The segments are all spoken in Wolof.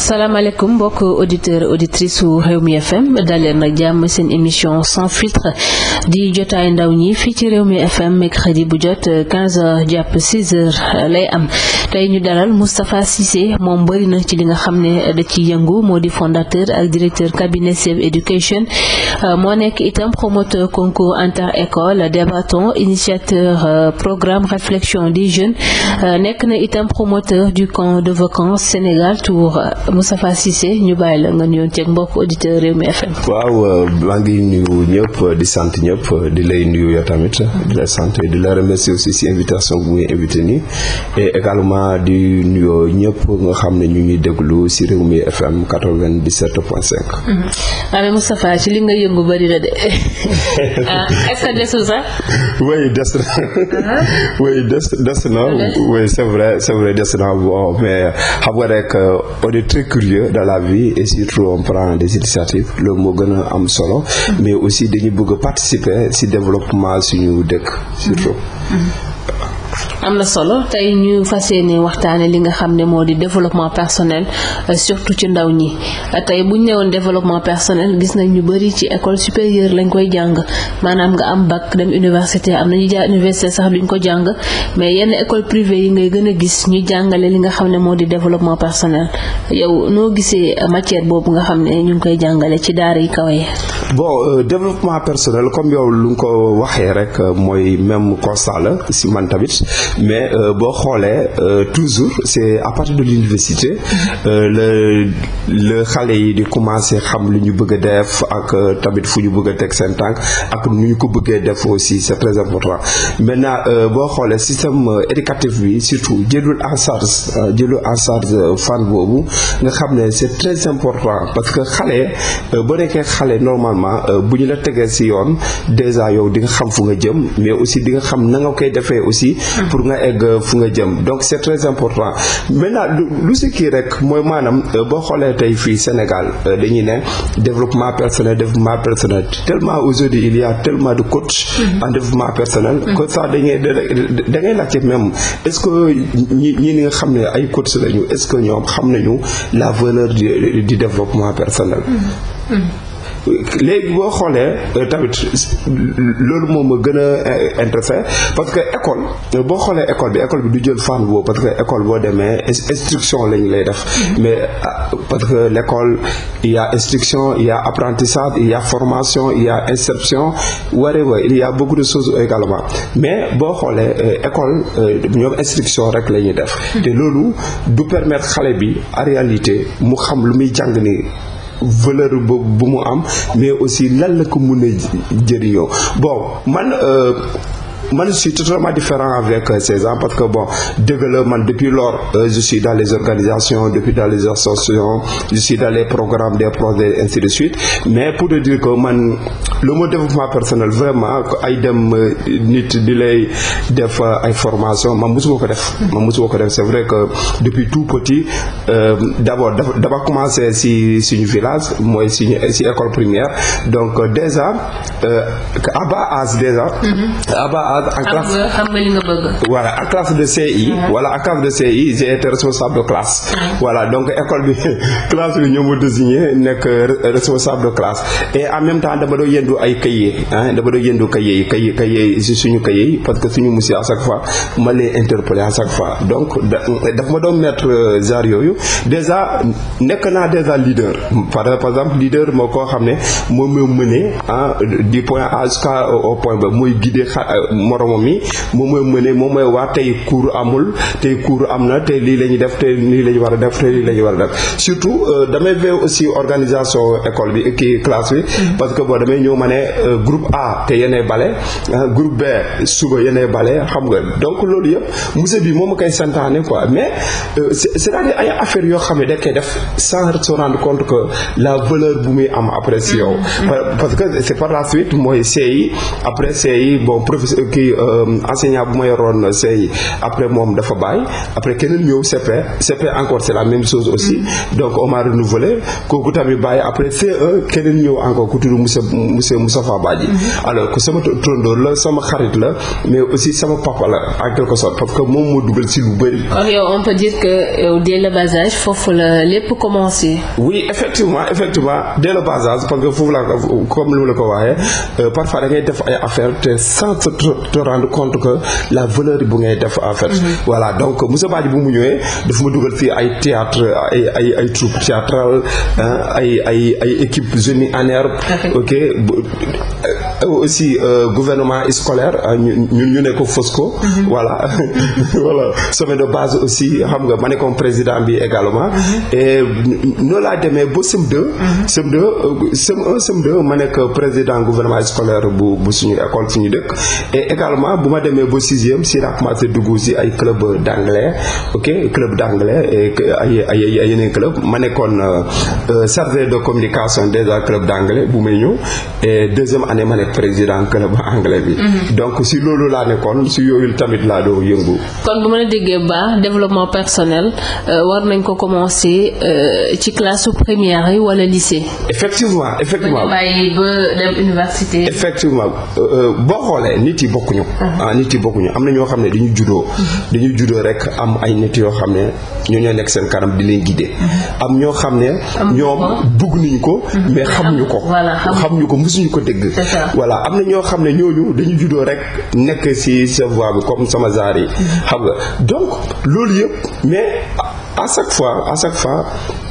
salaamaaleykum mbokk auditeur auditrice su Rewmi FM daleen nag jàmm seen émission sans filtre di jotaay ndaw ñi fii ci réew mi FM mercredi bu jot 15 jàpp 6 heures lay am tey ñu dalal Moustapha Cissé moom bëri na ci li nga xam ne da ci yëngu moo di fondateur ak directeur cabinet Save Education euh, moo nekk itam promoteur concours inter école débattant initiateur euh, programme réflexion di jeunes euh, nekk na itam promoteur du camp de vacances Sénégal Tour Moustapha Cissé ñu bàyyi la nga nuyoon ceeg mbokk auditeur Rewmi FM. waaw euh, maa ngi nuyu ñëpp di sant ñëpp di lay nuyu yow tamit di la sant di la remercier aussi si invitation bu muy invité nii et également di nuyoo ñëpp nga xam ne ñu ngi déglu si Rewmi FM 97 point mm-hmm. ci li nga yëngu bari de ah, est desul sax. oui des uh-huh. des na ah, oui c'est vrai des na bon mais xam nga rek euh, très curieux dans la vie et surtout on prend des initiatives loolu moo gën a am solo mm-hmm. mais aussi dañu bëgg a participer si développement suñu dëkk surtout mm-hmm. Mm-hmm. am na solo tey ñu fas yéene waxtaane li nga xam ne moo di développement personnel euh, surtout ci ndaw ñi tey bu ñu woon développement personnel gis nañ ñu bëri ci école supérieure lañ koy jàng maanaam nga am bac dem université am nañu jaar université sax duñ ko jàng mais yenn école privée yi ngay gën a gis ñu jàngale li nga xam ne moo di développement personnel yow noo gisee euh, matière boobu nga xam ne ñu ngi koy jàngale ci daara yi kaw yi bon euh, développement personnel comme yow lu nga ko waxee rek mooy même constat la si man collège mais euh, boo xoolee euh, toujours c'est à partir de l'université euh, le le xale yi di commencer xam lu ñu bëgg a def ak tamit fu ñu bëgg a teg seen tànk ak nu ñu ko bëggee def aussi c'est très important maintenant boo xoolee système éducatif bi surtout jëlul en charge jëlul en charge fan boobu nga xam ne c'est très important parce que xale boo nekkee xale normalement bu ñu la tegee ci yoon déjà yow di nga xam fu nga jëm mais aussi di nga xam na nga koy defee aussi pour nga egg fu nga jëm donc c'est très important maintenant lu si kii rek mooy maanaam euh, boo xoolee tey fii Sénégal euh, dañuy ne développement personnel développement personnel tellement aujourd'hui il y a tellement de coach mm-hmm. en développement personnel mm-hmm. que ça da ngay da ngay laajte même est-ce que ñi ñi nga xam ne ay coach lañu est-ce que ñoom xam nañu la valeur di développement personnel mm-hmm. léegi boo xoolee euh, tamit loolu moom ma gën a euh, intéressé parce que école boo xoolee école bi école bi du jël fànn boobu parce que école boo demee instruction lañ lay def mm-hmm. mais ah, parce que l'école il y instruction il y a apprentissage il y a formation il y a insertion whatever il y a beaucoup de choses également mais boo xoolee euh, école ñoom instruction rek la ñuy def mm-hmm. te loolu du permettre xale bi en réalité mu xam lu muy jàng nii valeur boobu bu mu am mais aussi lan la ko mun a jëriñoo bon man. Euh, man je suis totalement différent avec euh, ces gens parce que bon la man depuis lors euh, je suis dans les organisations depuis dans les associations je suis dans les programmes des projets et ainsi de suite mais pour te dire que man le mot développement personnel vraiment ay dem euh, nit di lay def ay formation man mosuma ko def man mosuma ko def c'est vrai que depuis tout petit d'abord dafa commencé si suñu village mooy suñu si école primaire donc déjà à bas mm-hmm. en classe xam nga li nga bëgg. voilà en classe de CI. voilà en classe de CI j'ai été responsable de classe. voilà donc école bi classe bi ñoo ma désigné nekk responsable de classe et en même temps dama doon yëndu ay cahier dama doon yëndu cahier yi cahier cahier si suñu cahier yi parce que suñu monsieur à chaque fois ma lay interpellé à chaque fois donc daf ma doon mettre euh, genre yooyu déjà nekk naa déjà leader par exemple leader moo koo xam ne moom moo mënee ah point A jusqu'au point B mooy guider xa. Euh, moromam yi moom mooy mëne moom mooy waa tey cours amul tey cours am na tey lii la def tey lii la war a def a def surtout euh, damay veew aussi organisation école bi kii classe bi mm-hmm. parce que boo damay ñëw ma ne euh, groupe A te yenee bale euh, groupe B suba yenee bale xam nga donc loolu yëpp musée bi moom a koy santaane quoi mais cest à ay affaires yoo xam ne da koy def sans se rendre compte que la valeur bu muy am après si yow mm-hmm. parce que c'est par la suite mooy CI Euh, enseignant bu ma yoroon sey après moom dafa bàyyi après keneen ñëw CP CP encore c' est la même chose aussi mm. donc on m'a kooku tamit bàyyi après CE keneen ñëw encore ku tudd Moussa Moussa Moustapha Badji mm-hmm. alors que sama tondoor la sama xarit la mais aussi sama papa la en quelque sorte parce que moom moo dugal si lu bëri. kon yow on peut dire que yow euh, dès le foofu la lépp commencé. oui effectivement effectivement dès le bas parce que foofu la comme te rendre compte que la valeur bu ngay def en fait. Mhm. voilà donc Moussa Badji bu mu ñëwee dafa ma dugal fii ay théâtre ay troupe théâtrale ay ay ay équipe génie en herbe aussi euh, gouvernement scolaire euh, ñun ñu ne ko Fosco. Mhm. voilà voilà sommet de base aussi xam nga ma ne comme président bi également. Mhm. et noo laa demee ba SEM2. SEM2 SEM1 SEM2 ma nekk président gouvernement scolaire bu bu suñu école suñu dëkk et bu ma demee ba sixième si laa commencé dugg si ay club d'anglais ok club d'anglais et ay ay ay yeneen club ma nekkoon euh, chargé de communication déjà club d'anglais bu may ñëw et deuxième année ma ne nekk président club anglais bi. Mhm. donc si loolu laa nekkoon si yooyu tamit laa doo yëngu. kon bu ma la déggee baax développement personnel euh, war nañ ko commencer euh, ci classe première yi wala lycée. effectivement effectivement ba bàyyi ba dem université. effectivement euh, boo xoolee nit yi bokkuñu. Mhm. ah nit yi bokkuñu am na ñoo xam ne dañu juddoo. Mhm. dañu juddoo rek am ay nit yoo xam ne ñoo ñoo nekk seen kanam di leen guider. am ñoo xam ne. ñoom bugg nañu ko. mais xamuñu ko. xamuñu ko mësuñu ko dégg. voilà am na ñoo xam ne ñooñu dañu juddoo rek nekk ci sa voie bi comme sama zaar yi xam nga donc loolu yëpp mais à chaque fois à chaque fois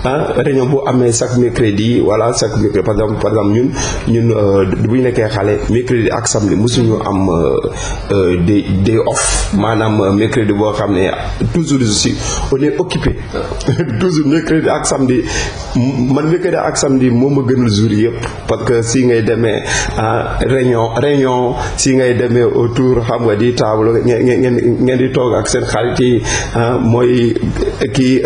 ah réunion bu amee chaque mercredi voilà chaque mercredi par exemple par exemple ñun ñun euh, bu ñu nekkee xale mercredi ak samedi mosuñu am euh, euh, day day off maanaam crédit boo xam ne toujours si on est occupé toujours mercredi ak samedi man mercredi ak samedi moom ma gënul jour yëpp parce que si ngay demee ah, réunion réunion si ngay demee autour xam nga di table ngeen ngeen di toog ak seen xarit yi ah, mooy kii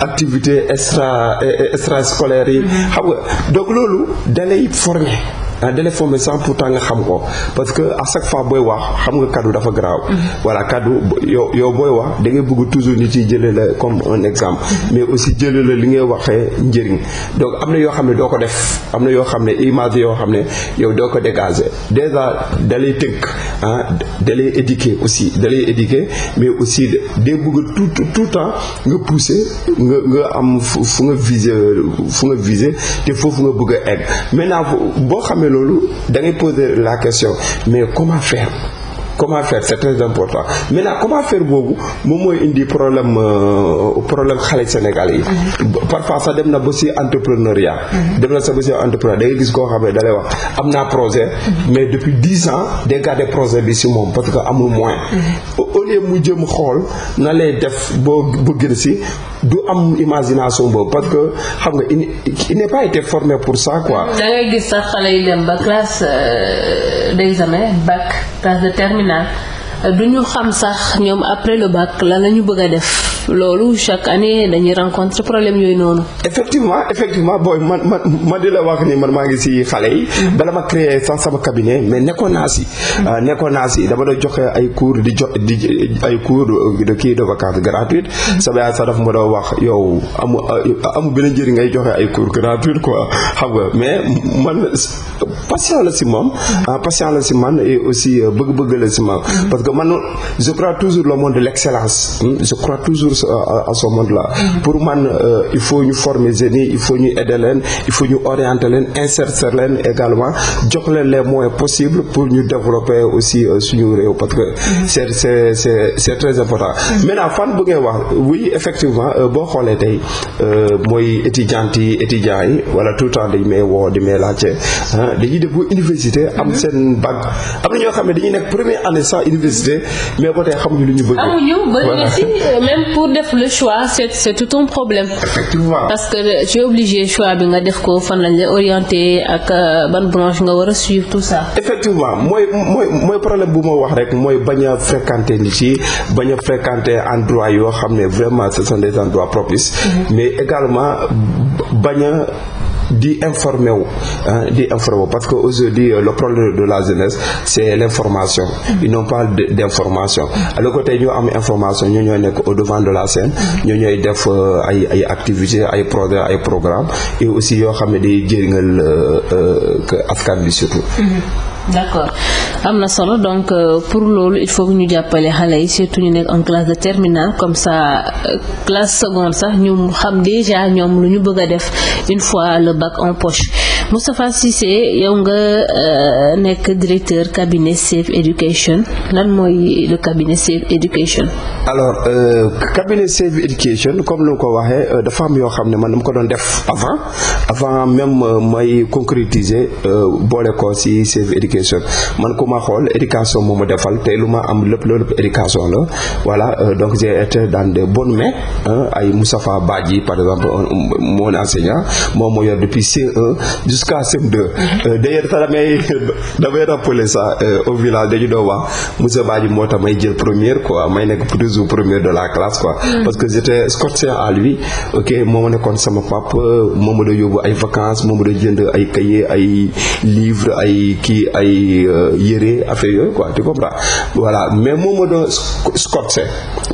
activité extra euh, extra scolaire yi. Mm-hmm. xam nga donc loolu da lay former un ah, téléphone mais sans pourtant nga xam ko parce que à chaque fois booy wax xam nga kaddu dafa garaaw. Mm-hmm. voilà kaddu yow yow booy wax da ngay bëgg toujours nit yi jëlee la comme un exemple. Mm-hmm. mais aussi jëlee la li ngay waxee njëriñ donc am na yoo xam ne doo ko def am na yoo xam ne image yoo xam ne yow doo ko dégager déjà dalay tënk ah dalay éduquer aussi dalay éduquer mais aussi day bëgg tout tout temps nga pousser nga nga am fu nga viser fu nga viser te foofu nga bëgg a egg maintenant loolu da ngay la question mais comment faire comment faire c'est très important maintenant comment faire boobu moom mooy indi problème euh, problème xale Sénégal yi mhm. parfois sax dem na ba si entrepreneuriat mhm. dem na sax ba si entrepreneuriat gis koo xam ne dalay wax am naa projet mhm. mais depuis dix ans day garder projet bi si moom parce que amul moyen au lieu mu jëm xool na lay def boo bëgg si du am imagination boobu parce que xam nga il n'est pas été formé pour ça quoi. da ngay gis sax xale yi dem ba classe euh, d'examen bac classe de terminale du ñu xam sax ñoom après le bac lan la ñu bëgg a def. loolu chaque année dañuy rencontre problème yooyu noonu. effectivement effectivement booy man man ma di la wax ni man maa ngi si xale yi. Mm. bala ma créé sax sama cabinet mais nekkoon naa si. Mm. Euh, nekkoon naa si dama doon joxe ay cours di jo di ay cour de kii de vacances gratuites mm. sama yaay sax daf ma doo wax yow amu euh, amu benn njëriñ ngay joxe ay cours gratuites quoi xam nga mais man patient la si moom. Ah, patient la si man aussi euh, bëgg-bëgg la si man. parce que man je toujours le monde de l'excellence. Hmm, je so euh, à, à monde-là. pour man euh, il faut ñu former jeunes yi il faut ñu aider leen il faut ñu orienter leen insérer leen également jox leen les mooy possible pour ñu développer aussi euh, suñu réew parce que. Mm -hmm. est c' est c' est, c' est très important. Mm -hmm. fan bu wax oui effectivement euh, boo xoolee tey mooy étudiante yi étudiants yi wala tout le temps dañ may woo di may laajte ah dañuy def université am seen bac am na ñoo xam ne dañuy nekk premier année sans université mais ba tey lu ñu bëgg. pour def le choix c' tout un problème. parce que tu es obligé choix bi nga def ko fan lañ la orienté ak euh, ban branche nga war a suivre tout ça. effectivement mooy mooy mooy problème bu ma wax rek mooy bañ a fréquenter nit yi bañ a fréquenter endroit yoo xam ne vraiment ce sont des endroits propices. Mm-hmm. mais également bañ di informer wu di parce que aujourd'hui euh, le problème de la jeunesse c'est l'information ils n'ont pas d'information alors que tey ñoo am information ñoo ñooy nekk au devant de la scène ñoo ñooy def euh, ay ay activités ay projet ay programme et aussi yoo xam ne day jëriñal euh, askan bi surtout mm-hmm. d'accord am na solo donc euh, pour loolu il faut que ñu jàppale xale yi surtout ñu nekk en classe de terminale comme ça euh, classe seconde sax ñu xam déjà ñoom lu ñu bëgg a def une fois le bac en poche. si Cissé yow nga euh, nekk directeur cabinet Safe Education lan mooy le cabinet Safe Education. alors euh, cabinet Safe Education comme ni nga ko waxee euh, dafa am yoo xam ne man dama ko doon def avant avant même euh, may concrétiser boole ko si Safe Education man ku ma xool éducation moo ma defal te lu ma am lépp loolu éducation la wala donc j'ai été dans de bonnes mains ay Moustapha Badji par exemple mon enseignant moom moo yor depuis ce jusqu'à CM2 euh, d'ailleurs sax damay damay rappeler ça euh, au village dañu doon wax monsieur Badji moo tax may jël première quoi may nekk toujours première de la classe quoi mm. parce que j'étais scotien à lui ok moo ma nekkoon sama papa moo ma doon yóbbu ay vacances moo ma doon jënd ay cahier ay livre ay kii ay euh, yére affaire yooyu quoi tu comprends voilà mais moo ma doon scotien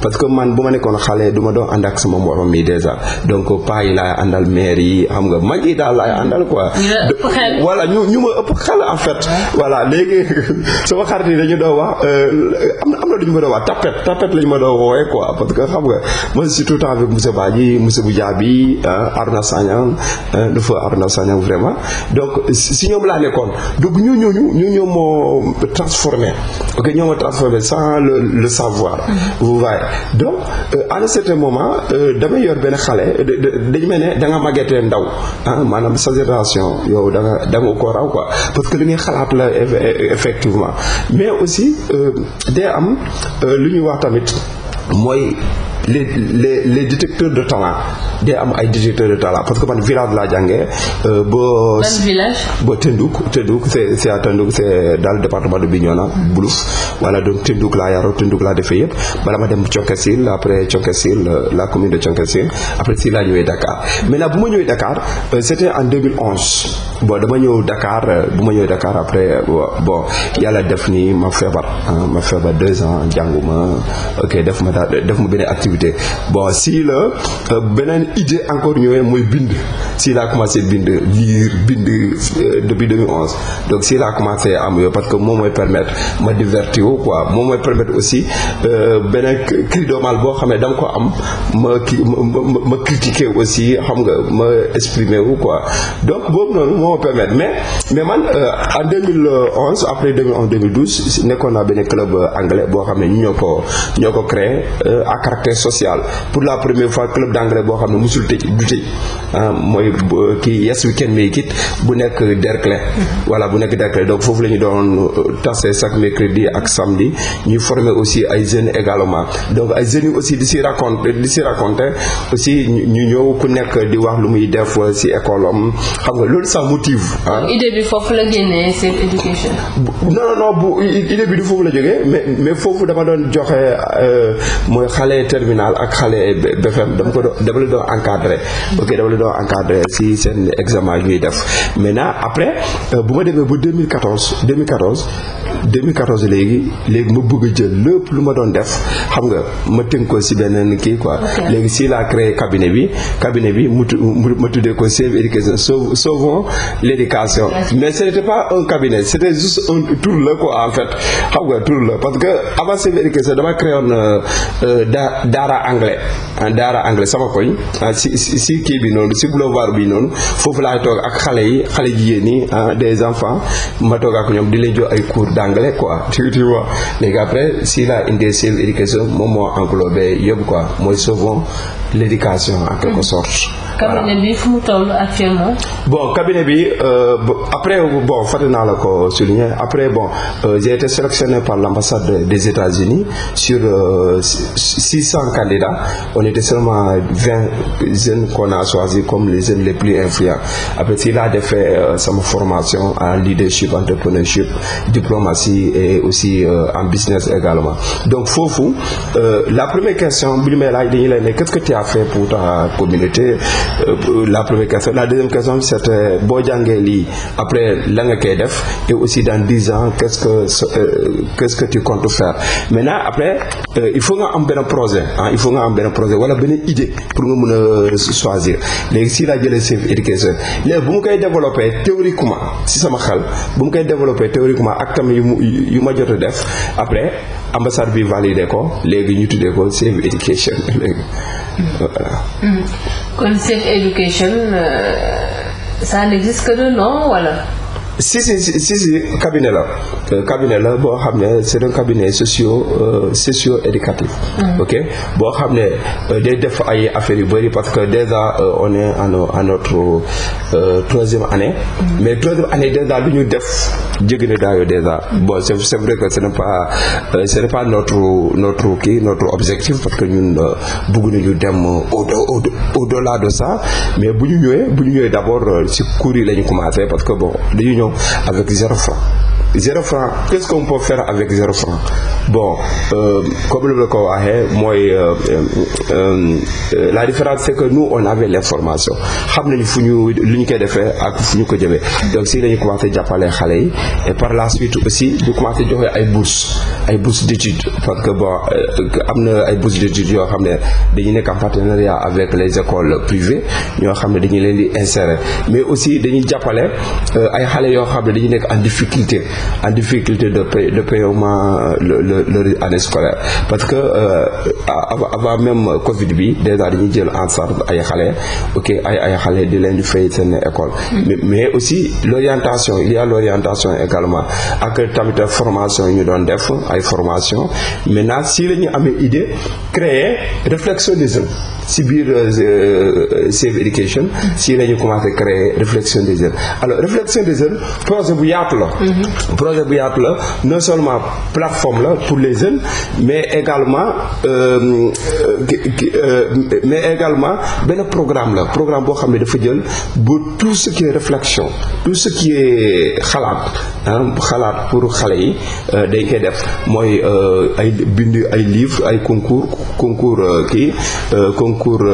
parce que man bu ma nekkoon xale du ma doon ànd ak sama morom yi dèjà donc paa yi laay àndal maire yi xam nga mag yi daal laay àndal quoi. voilà ñu ñu ma ëpp xel en fait. voilà léegi sama xarit yi dañu doon wax euh, am na am na lu ñu ma doon wax tapet tapet la ñu ma doon woowee quoi parce que xam nga man surtout temps bi monsieur Badji monsieur Boudiaby Arna Sagnan le feu Arna Sagnan vraiment donc si ñoom laa nekkoon donc ñu ñooñu ñu ñoo moo transformé ok ñoo ma transformé sans le donc euh, à un certain moment euh, damay yor benn xale euh, dañu mel ne danga nga màggetee ndaw ah maanaam sa génération yow da nga da nga ko raw quoi parce que li ngay xalaat la effectivement mais aussi day am lu ñuy wax tamit mooy les les le détecteurs de talent day am ay détecteurs de talent parce que man village laa jàngee euh, ba. ban village. ba Tendouk Tendouk c' est c' est à Tendouk c' est dans le département de Bignona. Boulouf voilà donc Tendouk laa yaroo Tendouk laa defee yëpp bala ma dem Thionkesil après Thionkesil euh, la commune de Thionkesil après si laa ñëwee Dakar maintenant bu ma ñëwee Dakar euh, c' en 2011 bon dama ñëw Dakar bu ma ñëwee Dakar après bon yàlla def ni ma feebar ma feebar deux ans jànguma ok def ma daal def ma activité bon si la euh, beneen idée encore ñëwee mooy bind si laa commencé bind lire bind euh, depuis 2011 donc si laa commencé am yooyu parce que moom mooy permettre ma divertir wu quoi moom mooy permettre aussi euh, beneen cri de boo xam ne dama ko am ma ma critiquer aussi xam nga ma exprimer wu quoi donc boobu noonu moo ma permettre mais mais man en 2011 après 2011 2012 nekkoon naa benn club anglais boo xam ne ñu ñoo ko ñoo ko créé à caractère sociale pour la première fois club d' anglais boo xam ne musul tëj du tëj ah, mooy euh, kii yes we can make bu nekk Derklé mm-hmm. voilà bu nekk Derklé donc foofu la ñu doon euh, tase chaque mercredi ak samedi ñuy former aussi ay jeunes également donc ay jeunes yi aussi di si raconter di si raconter aussi ñu ñëw ku nekk di wax lu muy def si école am xam nga loolu ça motive ah. idée bi foofu la génnee seen éducation. non non bu bi du foofu la jógee mais foofu dama doon joxe euh, mooy terminal ak xale BFM dama ko dama leen doon encadré ok dama leen doon encadré si seen examen ñuy def maintenant après euh, bu ma demee ba léegi léegi ma bëgg a jël lépp lu ma doon def xam nga ma tënk ko si beneen kii quoi léegi si laa créé cabinet bi cabinet bi mu ma tuddee ko Save Education sauvons l'éducation mais ce n'était pas un cabinet c'était juste un tour la quoi en fait xam nga tour la parce que avant Save Education dama créé woon euh, euh, daara anglais ah, daara anglais sama koñ ah, si si kii bi noonu si boulevard bi noonu foofu laay toog ak xale yi xale ji jigéen yi ah, des enfants ma toog ak ñoom di leen jox ay cours d'anglais quoi tu tu vois léegi après si la INDSL éducation moom moo englobé yëpp quoi mooy sauvons l'éducation en quelque sorte cabinet bi fu mu toll actuellement. bon cabinet bi euh, après bon fàtte naa la ko souligner après bon euh, j'ai été sélectionné par l'ambassade des États-Unis sur euh, 600 candidats on était seulement 20 jeunes qu'on a choisi comme les jeunes les plus influents après si laa defee euh, sama formation en leadership entrepreneurship diplomatie et aussi euh, en business également donc foofu euh, la première question bi ñu may laaj dañuy lay ne qu'est-ce que ta communauté. Euh, la première question la deuxième question c' était boo jàngee lii après la nga koy def et aussi dans dix ans qu' est ce que euh, qu' est ce que tu après euh, il faut nga am benn projet il faut nga am benn projet wala benn idée pour nga mun a choisir léegi si laa jëlee Safe Education léegi bu mu koy développé théoriquement si sama xel bu mu koy développé théoriquement ak tamit yu mu yu ma jot def après ambassade bi validé ko léegi ñu tuddee ko Safe Education léegi mm-hmm. kon Safe Education euh, ça n'existe que de nom wala. Voilà. si si si si si cabinet la euh, cabinet la boo xam ne c'est un cabinet socio euh, socio éducatif mm. ok boo xam ne euh, day def ay affaires yu bëri parce que déjà on est à notre troisième année mm. mais troisième année déjà lu ñu def jéggi na daayoo déjà mm. bon c'est c'est vrai que ce n'est pas ce n'est pas notre notre kii notre objectif parce que ñun bëgg nañu dem au delà de ça mais bu ñu ñëwee bu ñu ñëwee d'abord ci cours yi la ñu commencé parce que bon dañu ñëw millions avec zéro franc. zéro franc qu'est-ce bon euh, comme lu la ko waxee mooy euh, euh, euh, la différence c'est que nous on avait l'information xam nañu fu ñu lu ñu koy defee ak fu ñu ko jëmee donc si lañu commencé jàppale xale yi et par la suite aussi ñu commencé joxe ay bourses ay bourses d'études parce que bon am na ay bourses d'études yoo xam ne dañu nekk en partenariat avec les écoles privées ñoo xam ne dañu leen di insérer mais aussi dañuy jàppale ay xale yoo xam ne dañu nekk en difficulté en difficulté de pay de paiement euh, le le leur année scolaire parce que euh, avant même Covid bi déjà dañuy jël en charge ay xale ok ay ay xale di leen di fay seen école. Mm. mais aussi l'orientation il y l'orientation également ak tamit formation yi ñu doon def ay formation maintenant si la ñu amee idée créer réflexionnisme si biir euh, Save Education mm. si la ñu commencé créer réflexion des jeunes alors réflexion des jeunes projet bu yaatu la. Mhm. projet bu yaatu la non seulement plateforme la pour les jeunes mais également euh, euh, mais également benn programme la programme boo xam ne dafa jël bu tout ce qui est réflexion tout ce qui est xalaat xalaat pour xale yi euh, dañ koy def mooy euh, ay bind ay livres ay concours concours euh, kii concours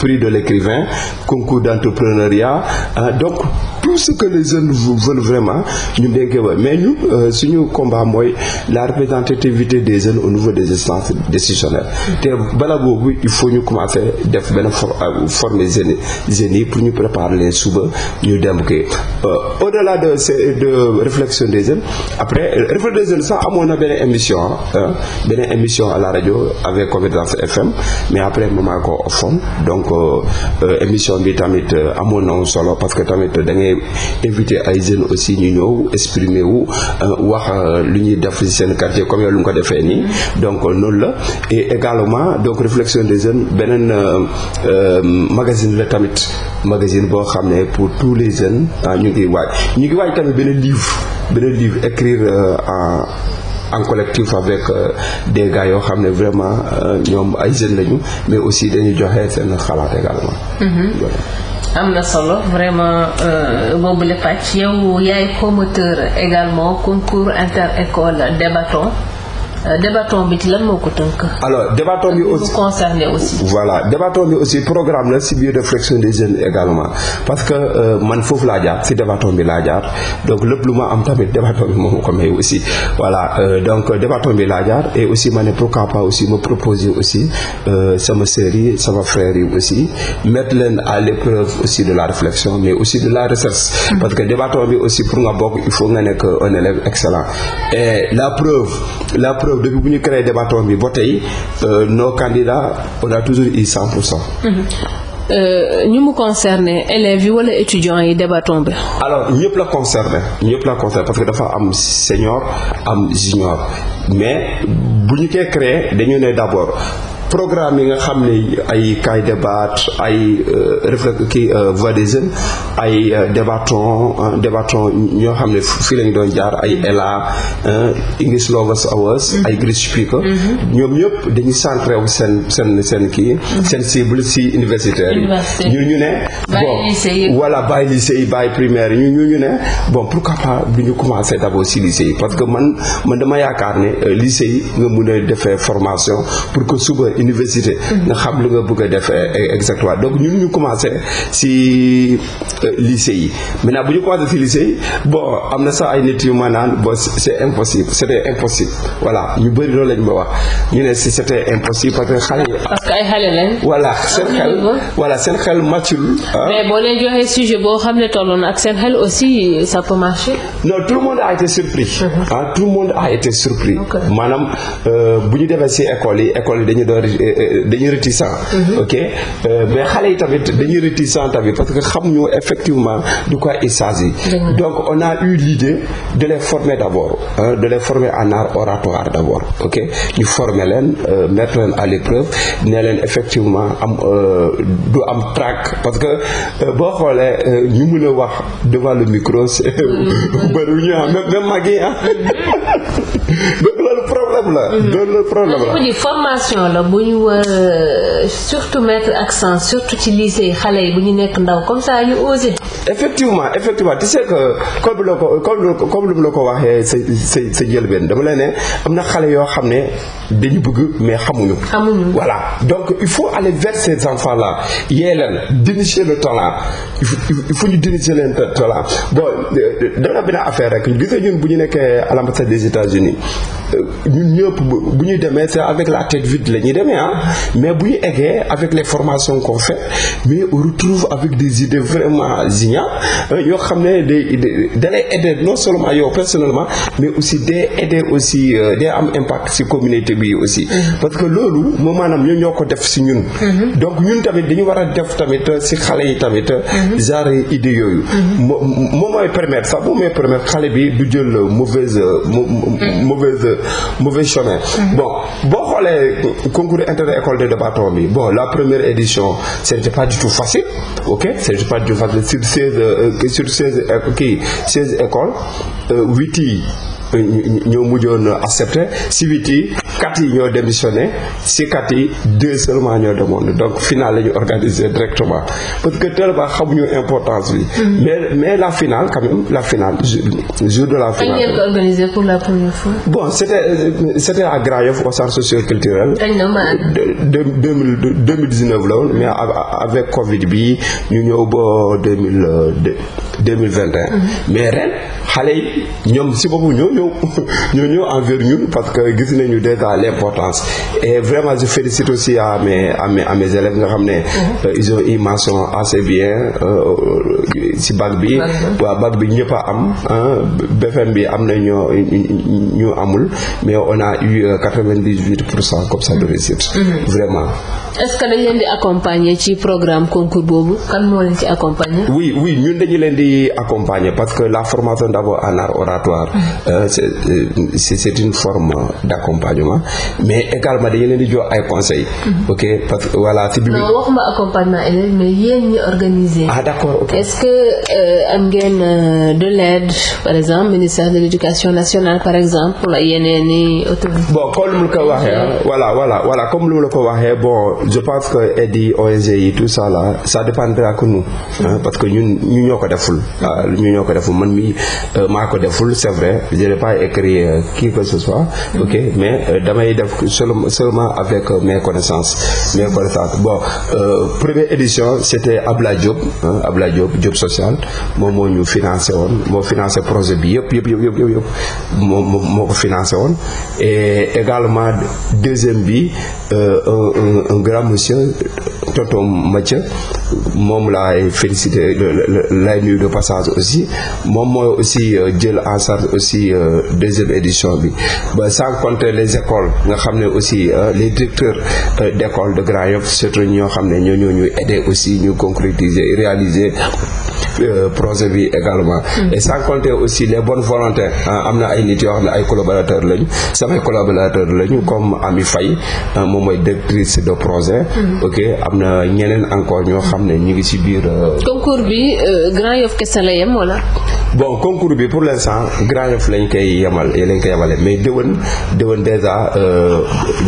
prix de l'écrivain concours d'entrepreneuriat donc yokk tout ce que les jeunes veulent vraiment ñu dénkee ba mais ñu euh, suñu combat mooy la représentativité des jeunes au niveau des instances décisionnelles te bala boobu il faut ñu commencer def benn euh, former jeunes jeunes yi pour ñu préparer leen suba ñu dem kii euh, au-delà de de réflexion des jeunes après réflexion des jeunes sax amoon na benn émission benn émission à la rajo avec Convergence FM mais après mamaa ko fon donc émission bi tamit amoon na solo parce tamit da invité ay jeunes aussi ñu ñëw exprimer wu euh, wax euh, lu ñuy def ci seen quartier comme yow lu nga ko defee nii donc euh, noonu la et également donc réflexion des jeunes beneen magazine la tamit magasine boo xam ne pour tous les jeunes ah, ñu ngi waaj ñu ngi waaj tamit beneen livre beneen livre écrire en en collectif avec euh, des yoo xam ne vraiment euh, ñoom ay jeunes lañu mais aussi dañu joxe seen xalaat également. Mhm. am na solo vraiment euh, boobu le pàcc yow yaay promoteur également concours inter école Euh, débatton bi ci lan moo ko tënk. alors débatton bi aussi concerné programme la si biir réflexion des jeunes également parce que euh, man foofu laa jaar si débatton bi laa jaar donc lépp lu ma am tamit débatton bi moom moo ko may aussi voilà euh, donc débatton bi laa jaar et aussi ma ne pour pas aussi ma proposer aussi sama sœur yi sama frère yi aussi mettre leen à l'épreuve aussi de la réflexion mais aussi de la recherche. Mm-hmm. parce que débatton bi aussi pour nga bokk il faut nga nekk un élève excellent preuve depuis bu ñu créé débatton bi ba tey euh, nos candidats on a toujours eu 100 pour mhm. euh, ñu mu concerné élèves yi wala étudiants yi débatton bi. alors ñëpp la concerné ñëpp la concerné parce que dafa am senior am junior mais bu ñu koy créé dañu ne d' abord. programme yi nga xam ne ay kaay débat ay euh, reflet kii euh, voix des jeunes ay débatton euh, débatton ñoo xam ne fii lañ doon jaar ay mm-hmm. ELA English Lovers Hours mm-hmm. ay English speaker mm-hmm. ñoom ñëpp dañuy centré wu seen seen seen kii seen sible si universitaire yi ñu ñu ne bon voilà bàyyi lycée yi bàyyi primaire yi ñu ñu ne bon pourquoi pas du ñu commencé d'abord si lycée yi parce que man man dama yaakaar ne lycée yi nga mën a defee formation pour que suba université. Mm-hmm. nga xam lu nga bëgg a def eh, eh, exactement donc ñun ñu commencé si euh, lycée yi maintenant bu ñu commencé si lycée yi bon am na sax ay nit yu ma naan bon c' est impossible c' était impossible voilà ñu bëri loolu lañ ma wax ñu ne si c' était impossible parce que xale yi. parce que ay xale lañ. voilà seen xel voilà seen xel matul. Ah. mais boo leen joxee sujet boo xam ne tolloon ak seen xel aussi ça peut marcher. non tout monde a été surpris. Mm-hmm. Ah, a maanaam euh, bu ñu defee si école yi école Euh, euh, euh, dañuy réticent mhm. ok mais xale yi tamit dañuy réticent tamit parce que xam xamuñu effectivement de quoi il s'agit donc on a eu l'idée de les former d'abord de les former en art oratoire d'abord ok ñu former leen mettre leen à l'épreuve ne leen effectivement am du am trac parce que boo xoolee ñu mën wax devant le micro bëriwuñu ah mag yi ah donc loolu problème la mhm. loolu problème la formation la bu ñu war euh, a surtout mettre accent surtout ci lycée yi xale yi bu ñu nekk ndaw comme ça ñu osé. effectivement effectivement tu sais que comme la ko comme lu mu la ko waxee sa jëlbeen dama la ne am na xale yoo xam ne dañu bëgg mais xamuñu. xamuñu voilà donc il faut aller vers ces enfants là yee leen dénicher le talent il faut il faut ñu dénicher leen talent bon euh, dama benn affaire rek gis ñun bu ñu nekkee à l'ambassade des États-Unis euh, ñun ñëpp bu ñu demee se avec la tête vide la demee ah. mais bu ñu eggee avec les formations qu'on fait mais on retrouve avec des idées vraiment géniales euh, yoo xam ne day dalay aider non seulement yow personnellement mais aussi day aider aussi euh, day am impact ci communauté bi aussi mm-hmm. parce que loolu moom maanaam ñoo ñoo ko def ci ñun mm-hmm. donc ñun tamit dañu war a def tamit euh, ci xale yi tamit mm-hmm. genre idée yooyu moom mooy permettre sax moom mooy permettre xale bi du jël mauvaise mauvaise mauvaise chemin bon xoolee concours inter-école de débatton bi bon la première édition c'était pas du tout facile ok c'était pas du tout facile sur seize euh, sur seize euh, euh, ñoo mujjoon accepté si huit quatre yi ñoo démissionné si quatre yi deux seulement ñoo demoon donc finale la ñu organisé directement parce que xam xamuñu importance bi. Mm-hmm. mais mais la finale quand la finale jour de la finale. ngeen ko organisé pour la première fois. bon c' était c' était à Grand Yoff au centre socioculturel. deux la mais avec Covid bi ñu ñëw ba deux mille deux mille vingt et un mm-hmm. mais ren xale yi ñoom si boppam ñoo ñëw ñoo ñëw parce que gis nañu des cas l'importance et vraiment je félicite aussi à mes à mes, nga xam ne. Mhm. Euh, ils ont eu mention bien si euh, bac bi. waa bac bi ñëpp a am BFM bi am na ñoo amul mais on a eu euh, quatre-vingt-dix-huit pour cent comme ça de mhm. vraiment. est-ce que dañ leen di accompagner ci programme concours boobu kan moo leen ci accompagner. oui oui ñun dañu leen di accompagner parce que la formation d'abord en art oratoire. Mm. Euh, euh, c'est c'est forme d'accompagnement mais également dañu leen di jox ay conseils. Mm-hmm. ok parce que voilà si bi. non waxuma accompagnement élèves mais yéen ñi organiser. ah d'accord ok est-ce que euh, am ngeen euh, de l'aide par exemple ministère de l'éducation nationale par exemple yeneen i autorités. bon comme lu la ko waxee je pense que aides ONG yi tout ça là ça dépendra que nous hein, parce que ñun ñu ñoo ko deful ah, ñu ñoo ko deful man mi euh, maa ko deful c'est vrai je n'ai pas écrit euh, qui que ce soit mm-hmm. ok mais euh, damay def seulement avec mes connaissances mes connaissances bon première édition c'était Abla Diop Abla Diop Diop social moom moo ñu financé woon moo financé projet bi yëpp yëpp yëpp yëpp yëpp moo moo ko financé woon et également deuxième bi un un grand cas monsieur Tonton Mathia moom laay félicité lay nuyu de passage aussi moom mooy aussi euh, jël en charge aussi euh, deuxième édition bi ba sans compter les écoles nga xam ne aussi euh, les directeurs d' école de Grand Yoff surtout ñoo xam ne ñoo ñoo ñuy aider aussi ñu concrétiser réaliser Euh, projet bi également. Mm. et sans compter aussi les bonnes volontés ah, am na ay nit yoo xam ne ay collaborateurs lañu samay collaborateurs lañu mm. comme Ami fay ah, moom mooy directrice de projet. Mm. ok am na ñeneen encore ñoo xam ne ñu ngi ci biir. Euh, concours bi euh, Grand Yoff kese la yem wala. bon concours bi pour l'instant Grand Yoff lañ koy yemal eh, lañ koy yemale mais déwén déwén déjà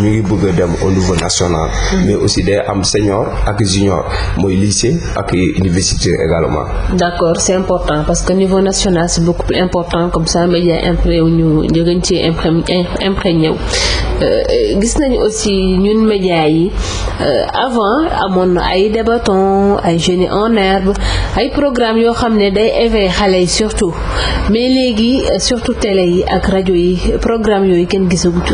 ñu ngi bëgg dem au niveau national. mais aussi day am senior ak junior mooy lycée ak université également. d'accord c'est important parce que niveau national c'est beaucoup plus important comme ça média wu ñu njëgañ ci imprégné wu euh, gis nañu aussi ñun média yi euh, avant amoon na ay débattons ay génie en herbe ay programme yoo xam ne day éveiller xale yi surtout mais léegi euh, surtout télé yi ak rajo yi programme yooyu kenn gisagut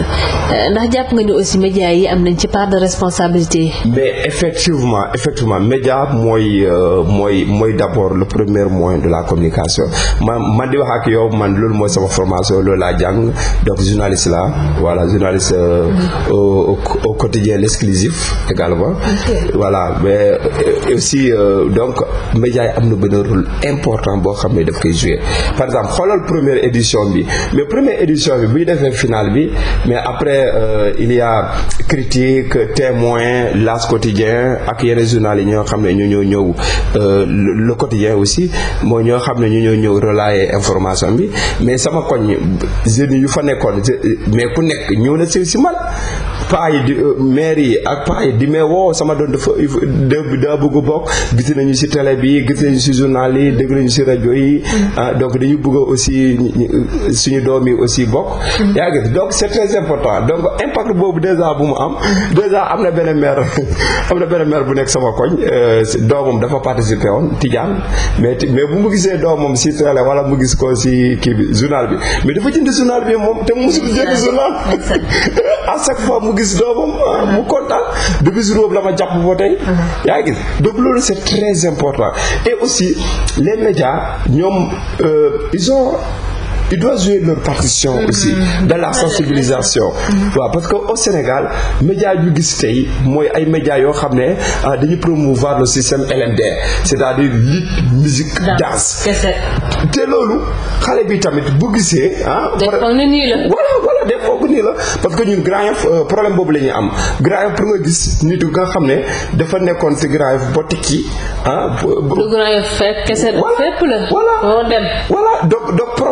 ndax jàpp nga ni aussi média yi am nañ ci part de responsabilité mais effectivement effectivement média mooy mooy mooy d'abord premier moyen de la communication ma man di wax ak yow man loolu mooy sama formation loolu laa jàng donc journaliste la voilà journaliste euh, au au quotidien l'exclusif également voilà mais euh, aussi euh, donc média yi am na benn rôle important boo xam ne daf koy jouer par exemple xoolal première édition bi mais première édition bi bu defee finale bi mais après il y a critique témoin las quotidien ak yeneen journal yi ñoo xam ne ñoo ñoo ñëw le quotidien aussi mooy ñoo xam ne ñu ñoo ñëw relayer information bi mais sama koñ jeunes yu fa nekkoon mais ku nekk ñëw na si si man paa yi di maire yi ak paa yi di may woo sama doon dafa daa bëgg a bokk gis nañu si télé bi gis nañu si journal yi dégg nañu si rajo yi mm. ah, donc dañu bëgg aussi suñu doom yi aussi bokk mm. yaa gis donc c'est très important donc impact boobu déjà bu mu am déjà am na benn maire am na benn maire bu nekk sama koñ euh, doomam dafa participer woon Tidiane mais mais bu mu gisee doomam si télé wala mu gis ko si kii bi journal bi mais dafa jënd journal bi moom te musul jënd journal gis doomam ah, mu kontaan depuis jour boobu la ma jàpp ba tey uh-huh. yaa gis donc loolu c'est très important et aussi les média ñoom euh, ils ont ils doivent jouer leur partition mm-hmm. aussi dans la sensibilisation waaw parce que au Sénégal média yu gis tey mooy ay média yoo xam ne ah, dañuy promouvoir le système LMD c'est-à-dire lutte musique danse te loolu xale bi tamit bu gisee ah nii la parce que ñun Grand Yoff euh, problème boobu la am Grand Yoff pour nga gis nit nga xam ne dafa nekkoon ci Grand Yoff ba tikki ah. du Grand Yoff fekk kese fépp la. voilà voilà donc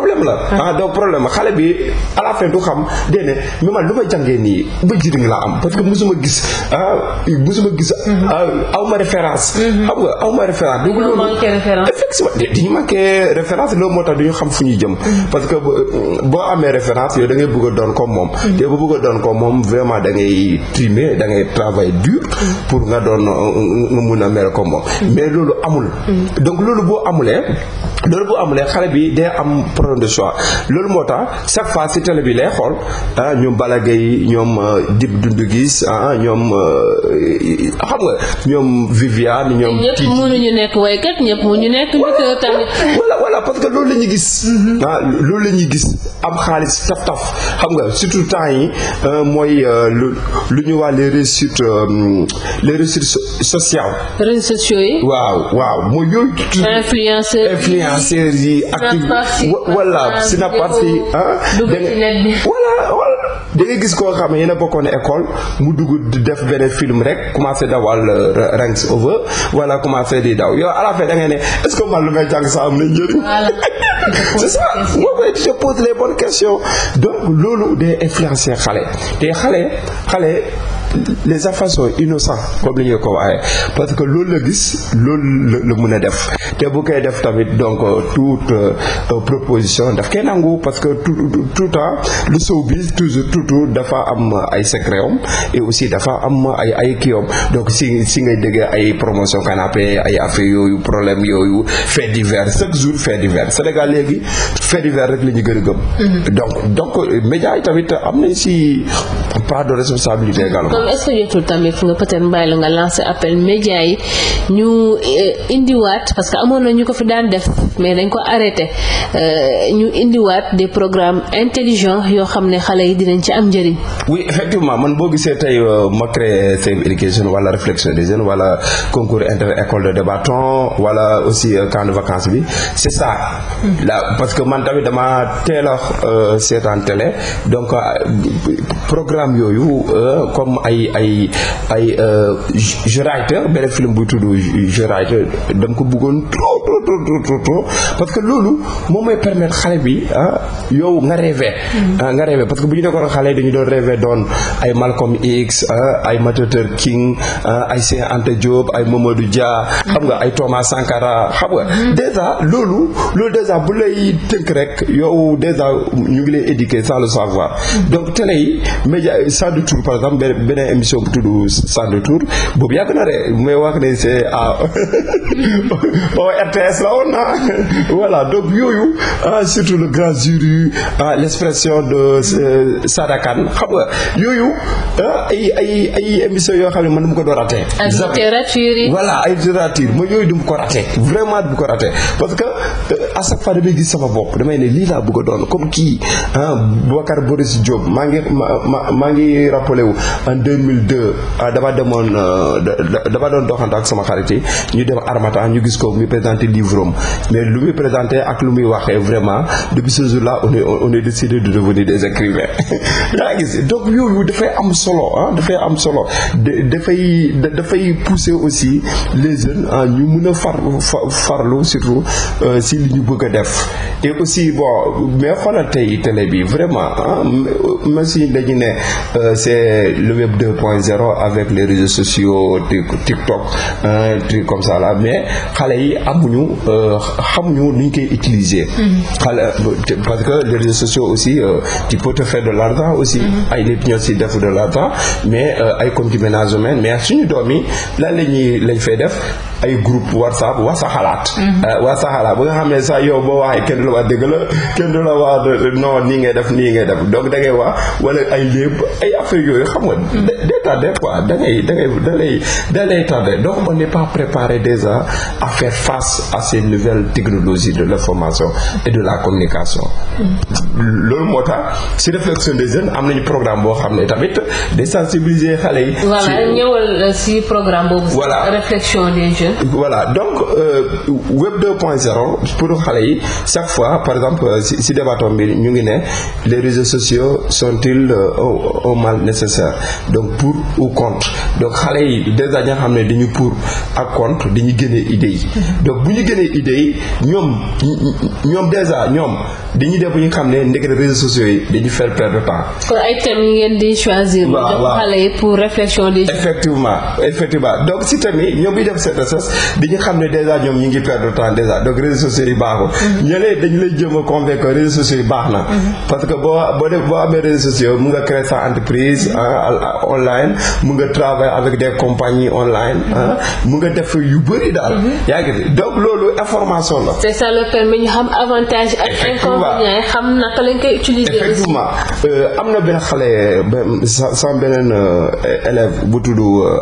problème la. Ah. ah donc problème xale bi à du xam dee ne mais man lu may jàngee nii ba jëriñ la am parce que musuma gis ah musuma gis. Mhm. Ah, aw ma référence. Mhm. xam nga aw ma référence. donc loolu effectivement dañu manqué référence loolu du ñu xam fu ñuy jëm. Mhm. parce que euh, boo amee référence yooyu da ngay bëgg a doon comme moom. te bëgg doon comme moom vraiment da ngay trimer da ngay pour nga doon euh, euh, nga a mel comme moom. mais loolu amul. donc loolu boo amulee. loolu bu amulee xale bi day am problème de choix loolu moo tax chaque fois si télé bi lay xool ah ñoom Balla Gaye ñoom euh, Dip Doundou Guiss ah ñoom euh, xam nga ñoom Viviane ñoom. ñëpp mënuñu nekk waykat ñëpp mënuñu nekk lutteur tamit. voilà voilà parce que loolu la gis. Mhm. Ah, loolu la ñuy gis am xaalis taf taf xam nga surtout temps yi euh, mooy lu lu ñu wax les réussites les réussites sociales. réseaux sociaux yi. waaw waaw mooy yooyu. influenceurs influenceurs yi activi voilà si na parti ah voilà voilà gis koo xam ne yéen a bokkoon école mu dugg di def beneen film rek commencé dawal euh, ranks over voilà commencé di daw yow à la da ngay ne est-ce que man lu may jàng sa am na njëriñ c'est ça boo koy je pose les bonnes questions donc loolu day influencer xale te xale xale les enfants sont innocents comme li ñu ko waxee parce que loolu la gis loolu la mun a def te bu koy def tamit donc euh, toute euh, euh, proposition daf koy nangu parce que tout tout temps lu sow bi toujours tout dafa am ay secret om et aussi dafa am ay ay kii om donc si si ngay déggee ay promotion canapé ay affaire yooyu problème yooyu fait divers chaque jour fait divers Sénégal léegi fait divers rek la ñu gën a gëm mhm. donc donc médias yi tamit am nañ si part de responsabilité également maanaam est-ce que jotul nga peut mbay la nga lancer appel média yi ñu eh, indiwaat parce que amoon na ñu ko fi daan def mais dañ ko arrêté euh, ñu indiwaat des programmes intelligents yoo xam ne xale yi dinañ ci am njëriñ. oui effectivement man boo gisee tey euh, ma créé Save Education wala réflexion des jeunes wala concours inter école de débatton wala aussi euh, camp de vacances bi c'est ça. parce que man tamit dama teel a seetaan télé donc programme yooyu comme ay ay ay euh, je writer benn film buy tudd euh, je writer euh, dama ko bëggoon trop parce que loolu moom mooy permettre xale bi ah yow nga rêvé. Mm-hmm. Ah, nga parce que bu ñu nekkoon xale yi dañu doon rêvé doon ay Malcolm X ah, ay Martin Luther King ah, ay Cheikh Anta Diop ay mm-hmm. xam nga ay Thomas Sankara xam nga. Mm-hmm. déjà loolu loolu bu lay tënk rek yow déjà ñu ngi lay éduquer sans le savoir donc télé yi média sans détour par exemple beneen émission bu tudd sans détour boobu yàgg na de mais wax ne RTS la woon ah voilà donc yooyu ah surtout le grand jury ah l' expression de euh, Sadakan xam yooyu ah, ay ay ay émissions yoo xam ne man dama ko doon raté. ak littérature yi voilà ay ma yooyu dama ko raté vraiment ko raté parce que euh, à chaque fois damay gis sama bopp damay ne lii laa bëgg a doon comme kii ah Boubacar Boris Diop maa ngi ma maa ngi rappelé wu en 2002 ah dama demoon euh, dama doon doxante ak sama xarit yi ñu dem Armata ñu gis ko mu présenté. présenté livre am mais lu muy présenté ak lu muy waxee vraiment depuis ce jour là on est on est décidé de devenir des écrivains gis donc yooyu dafay am solo ah dafay am solo dafay dafay pousser aussi les jeunes ah, ñu mën a farlu farlu surtout euh, si li ñu bëgg a def te aussi bo mais xoolal tey bi vraiment ah même dañu ne euh, c'est le web 2.0 avec les réseaux sociaux TikTok un mais xale yi amuñu xamuñu euh, xamuñu nuñ koy utiliser. Mm-hmm. xale parce que les réseaux sociaux aussi euh, tu peux te faire de l'argent aussi. Mm-hmm. ay nit si def de l'argent mais euh, ay comme ci ménage humain mais suñu doom yi lan la ñuy lañ fay def. ay groupe whatsapp wax sa xalaat mhm. euh, wax sa xalaat ba nga xam ne sax yow boo waxee kenn du la wax dëgg la kenn du la wax non nii ngay def nii ngay def donc da ngay wax wala ay lépp ay affaire yooyu xam nga day tardé quoi de ngay da ngay da lay da lay tardé donc on n'est pas préparé déjà à faire face à ces nouvelles technologies de l'information et de la communication mhm. loolu moo tax si réflexion des jeunes am nañu programme boo xam ne tamit de sensibiliser xale yi voilà ñëwal euh, si voilà donc euh, web 2.0 pour xale yi chaque fois par exemple euh, si si débatton bi ñu ngi ne les réseaux sociaux sont euh, au un mal nécessaire donc pour ou contre donc xale yi déjà ña xam ne dañu pour ak contre dañu génnee idées yi donc bu ñu génnee idées yi ñoom ñoom déjà ñoom dañuy def bu ñu xam ne ndekete réseaux sociaux yi dañu faire perdre temps. kon ay thèmes yi ngeen di choisir. waaw waaw xale yi pour réflexion. effectivement effectivement donc si tas di ñu xam ne dèjà ñoom ñu ngi perdre temps dèjà donc réseaux sociaux yi baaxul mm-hmm. ñëlee dañ lay jëm a convaincre réseaux sociaux yi baax na mm-hmm. parce que boo boo def boo amee réseaux sociaux mun nga créer sa entreprise mm-hmm. euh, euh, online mun nga travailler avec des compagnies online mu nga def yu bëri daal yaa ngi donc loolu information la c'est ça le permet ñu xam avantage ak inconvénient xam naka lañ koy utiliser effectivement euh, am na benn xale sama beneen élève bu tudd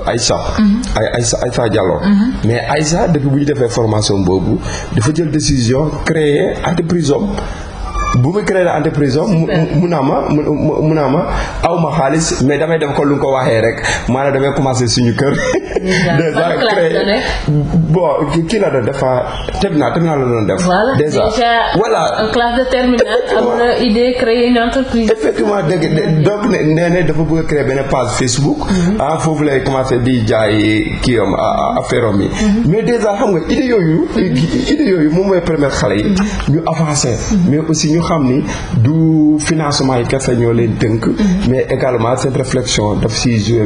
Aïcha Aïcha Aïcha Diallo mais Aïssa depuis bu ñu defee formation boobu dafa jël décision créer entreprise am bu ma créé entreprise am mu naa ma mu naa ma aw ma xaalis mais damay def ko lu ko waxee rek maanaam damay commencé suñu kër déjà créé bon kii la doon dafa ah, terminal terminal la doon def déjà voilà en classe de terminale am na idée créer une entreprise effectivement dëgg donc nee na dafa a mhm. ah, foofu lay commencé di jaay kii am ah, affaire am yi mhm. mais déjà xam nga idée yooyu mhm. yooyu moom mooy permettre xale yi ñu avancer mais aussi xam ni du financement yi kese ñoo leen tënk. Mm-hmm. mais également cette réflexion daf siy joué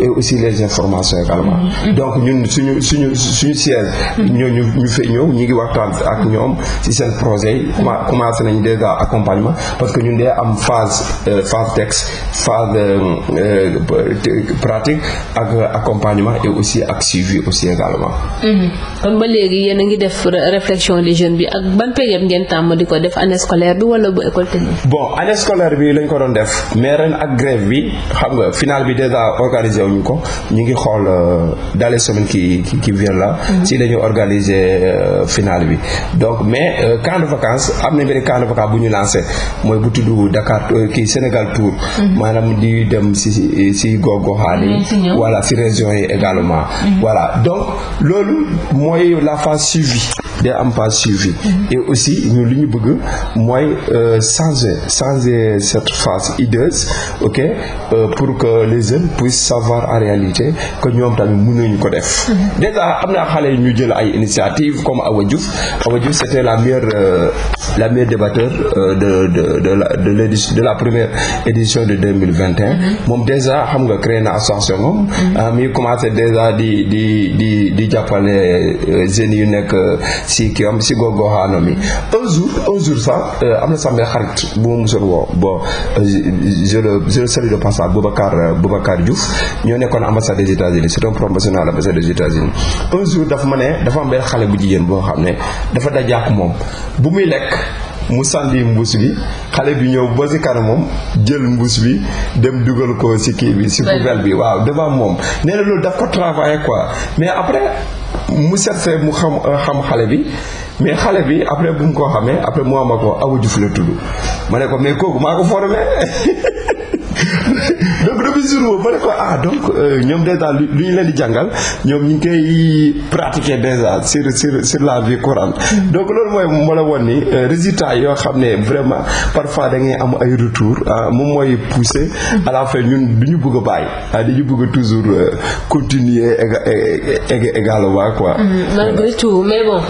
et les informations mm-hmm. donc ñun suñu suñu suñu siège. Mm-hmm. ñooñu ñu fee ñëw ñu ngi waxtaan ak ñoom si seen projet yi. commencé nañ déjà accompagnement parce que ñun day am phase euh, phase texte phase euh, pratique ak accompagnement et aussi ak suivi bi ak ban période ngeen tàmm di ko def année scolaire. scolaire bi wala bu école technique. bon année scolaire bi lañ ko doon def mais ren ak grève bi xam nga final bi organiser organisé ñu ko ñu ngi xool euh, dans les semaines qui qui qui viennent là. Mm-hmm. si dañu organiser euh, final bi donc mais euh, camp de vacances am na benn camp de vacances bu ñu lancé mooy bu tuddu Dakar kii Sénégal tour. Mm-hmm. maanaam di dem si si gox-goxaan yi. Mm-hmm. voilà si région yi également. voilà donc loolu mooy la phase suivie. day am pas suivi. et aussi ñun li ñu bëgg mooy euh, changer changer cette phase hideuse ok euh, pour que les jeunes puissent savoir en réalité que ñoom tamit mun nañu ko def. déjà am naa xale ñu jël ay initiative comme Awa Diouf Awa Diouf c'était la meilleure euh, la meilleure débatteur de de de la de l'édition de la première édition de 2021 moom déjà xam nga créé na association moom mm-hmm. ah, mi commencé déjà di di di di jàppale jeunes yu nekk si kii am si gogoxaanam yi un jour un sax euh, am na sax benn xarit bu ma mosoon woo bon euh, je le je le salue de passage Boubacar euh, Boubacar Diouf ñoo nekkoon ambassade des États-Unis c'est un promotionnel ambassade des États-Unis un jour dafa ma ne dafa am xale bu jigéen boo xam ne dafa dajaak moom bu muy lekk mu sànni mbuus bi xale bi ñëw ba si kanam moom jël mbuus bi dem dugal ko si kii bi si poubelle bi waaw devant moom nee na loolu daf ko travailler quoi mais après mu set fee mu xam euh, xam xale bi mais xale bi après bu mu ko xamee après mu ma ko awu juf la ma ne ko mais kooku maa ko formé donc depuis jour boobu ba ne ko ah donc euh, ñoom déjà lu ñu leen jàngal ñoom ñu ngi koy pratiquer déjà sur sur sur la vie courante donc loolu mooy moo la woon ni euh, résultat yoo xam ne vraiment parfois da ngay am ay retour ah moom mooy pousser à ñun du ñu bëgg a bàyyi ah dañu bëgg toujours euh, continuer également quoi. Mm-hmm, malgré tout mais bon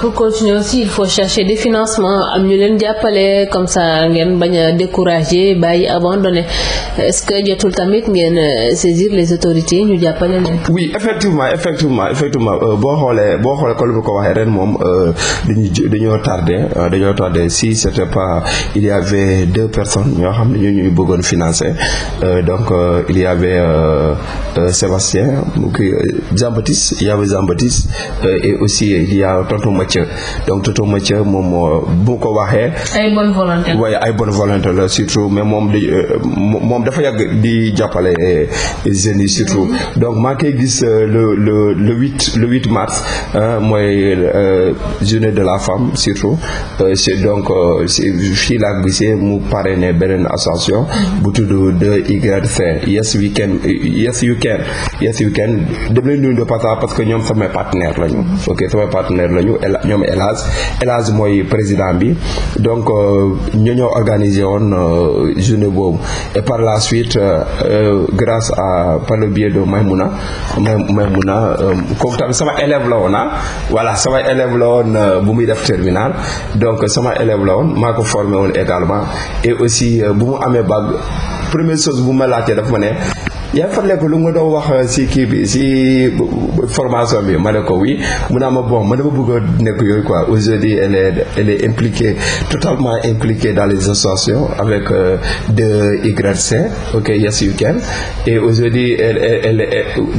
pour continuer aussi il faut chercher des financements am ñu leen jàppale comme ça ngeen bañ a décourager bàyyi abandonner. est-ce que jotul tamit ngeen euh, saisir les autorités ñu jàppale leen. oui effectivement effectivement effectivement euh, boo xoolee boo xoolee comme ni ko waxee ren moom euh, dañuy dañoo tardé dañoo tardé si c'était pas il y avait deux personnes xam ne ñoo ñuy bëggoon financer donc il y avait Sébastien kii Jean-Baptiste il aussi a Tonton Mathieu donc Tonton Mathieu moom bu ko waxee. ay bonne volonté la surtout mais moom moom dafa. dafa di jàppale eh, jeunes yi surtout donc maa ngi koy gis euh, le le le huit le huit mars mooy euh, journée de la femme surtout euh, c'est donc fii laa gisee mu ne beneen association bu tudd de YC yes we can yes you can yes you can dem leen nuyu parce que ñoom samay partenaire lañu ok samay partenaire lañu ñoom Elhadj Elhadj mooy président bi donc ñoo ñoo organisé woon journée boobu et par la ensuite, euh, euh, grâce à, par le biais de Maimouna, Maimouna, euh, kooku tamit sama élève la woon ah voilà sama élève la woon euh, bu muy def terminal donc sama élève la woon maa ko formé woon également et aussi bu mu amee bac première chose bu ma laajtee dafa ma ne yaa fa fàttaliku lu nga doon wax euh, si kii bi si euh, formation bi ma ne ko oui mu ne ma bon ma dama bëgg a nekk yooyu quoi aujourd'hui elle est elle est impliquée totalement impliquée dans les associations avec euh, de YC ok yes you et aujourd'hui elle elle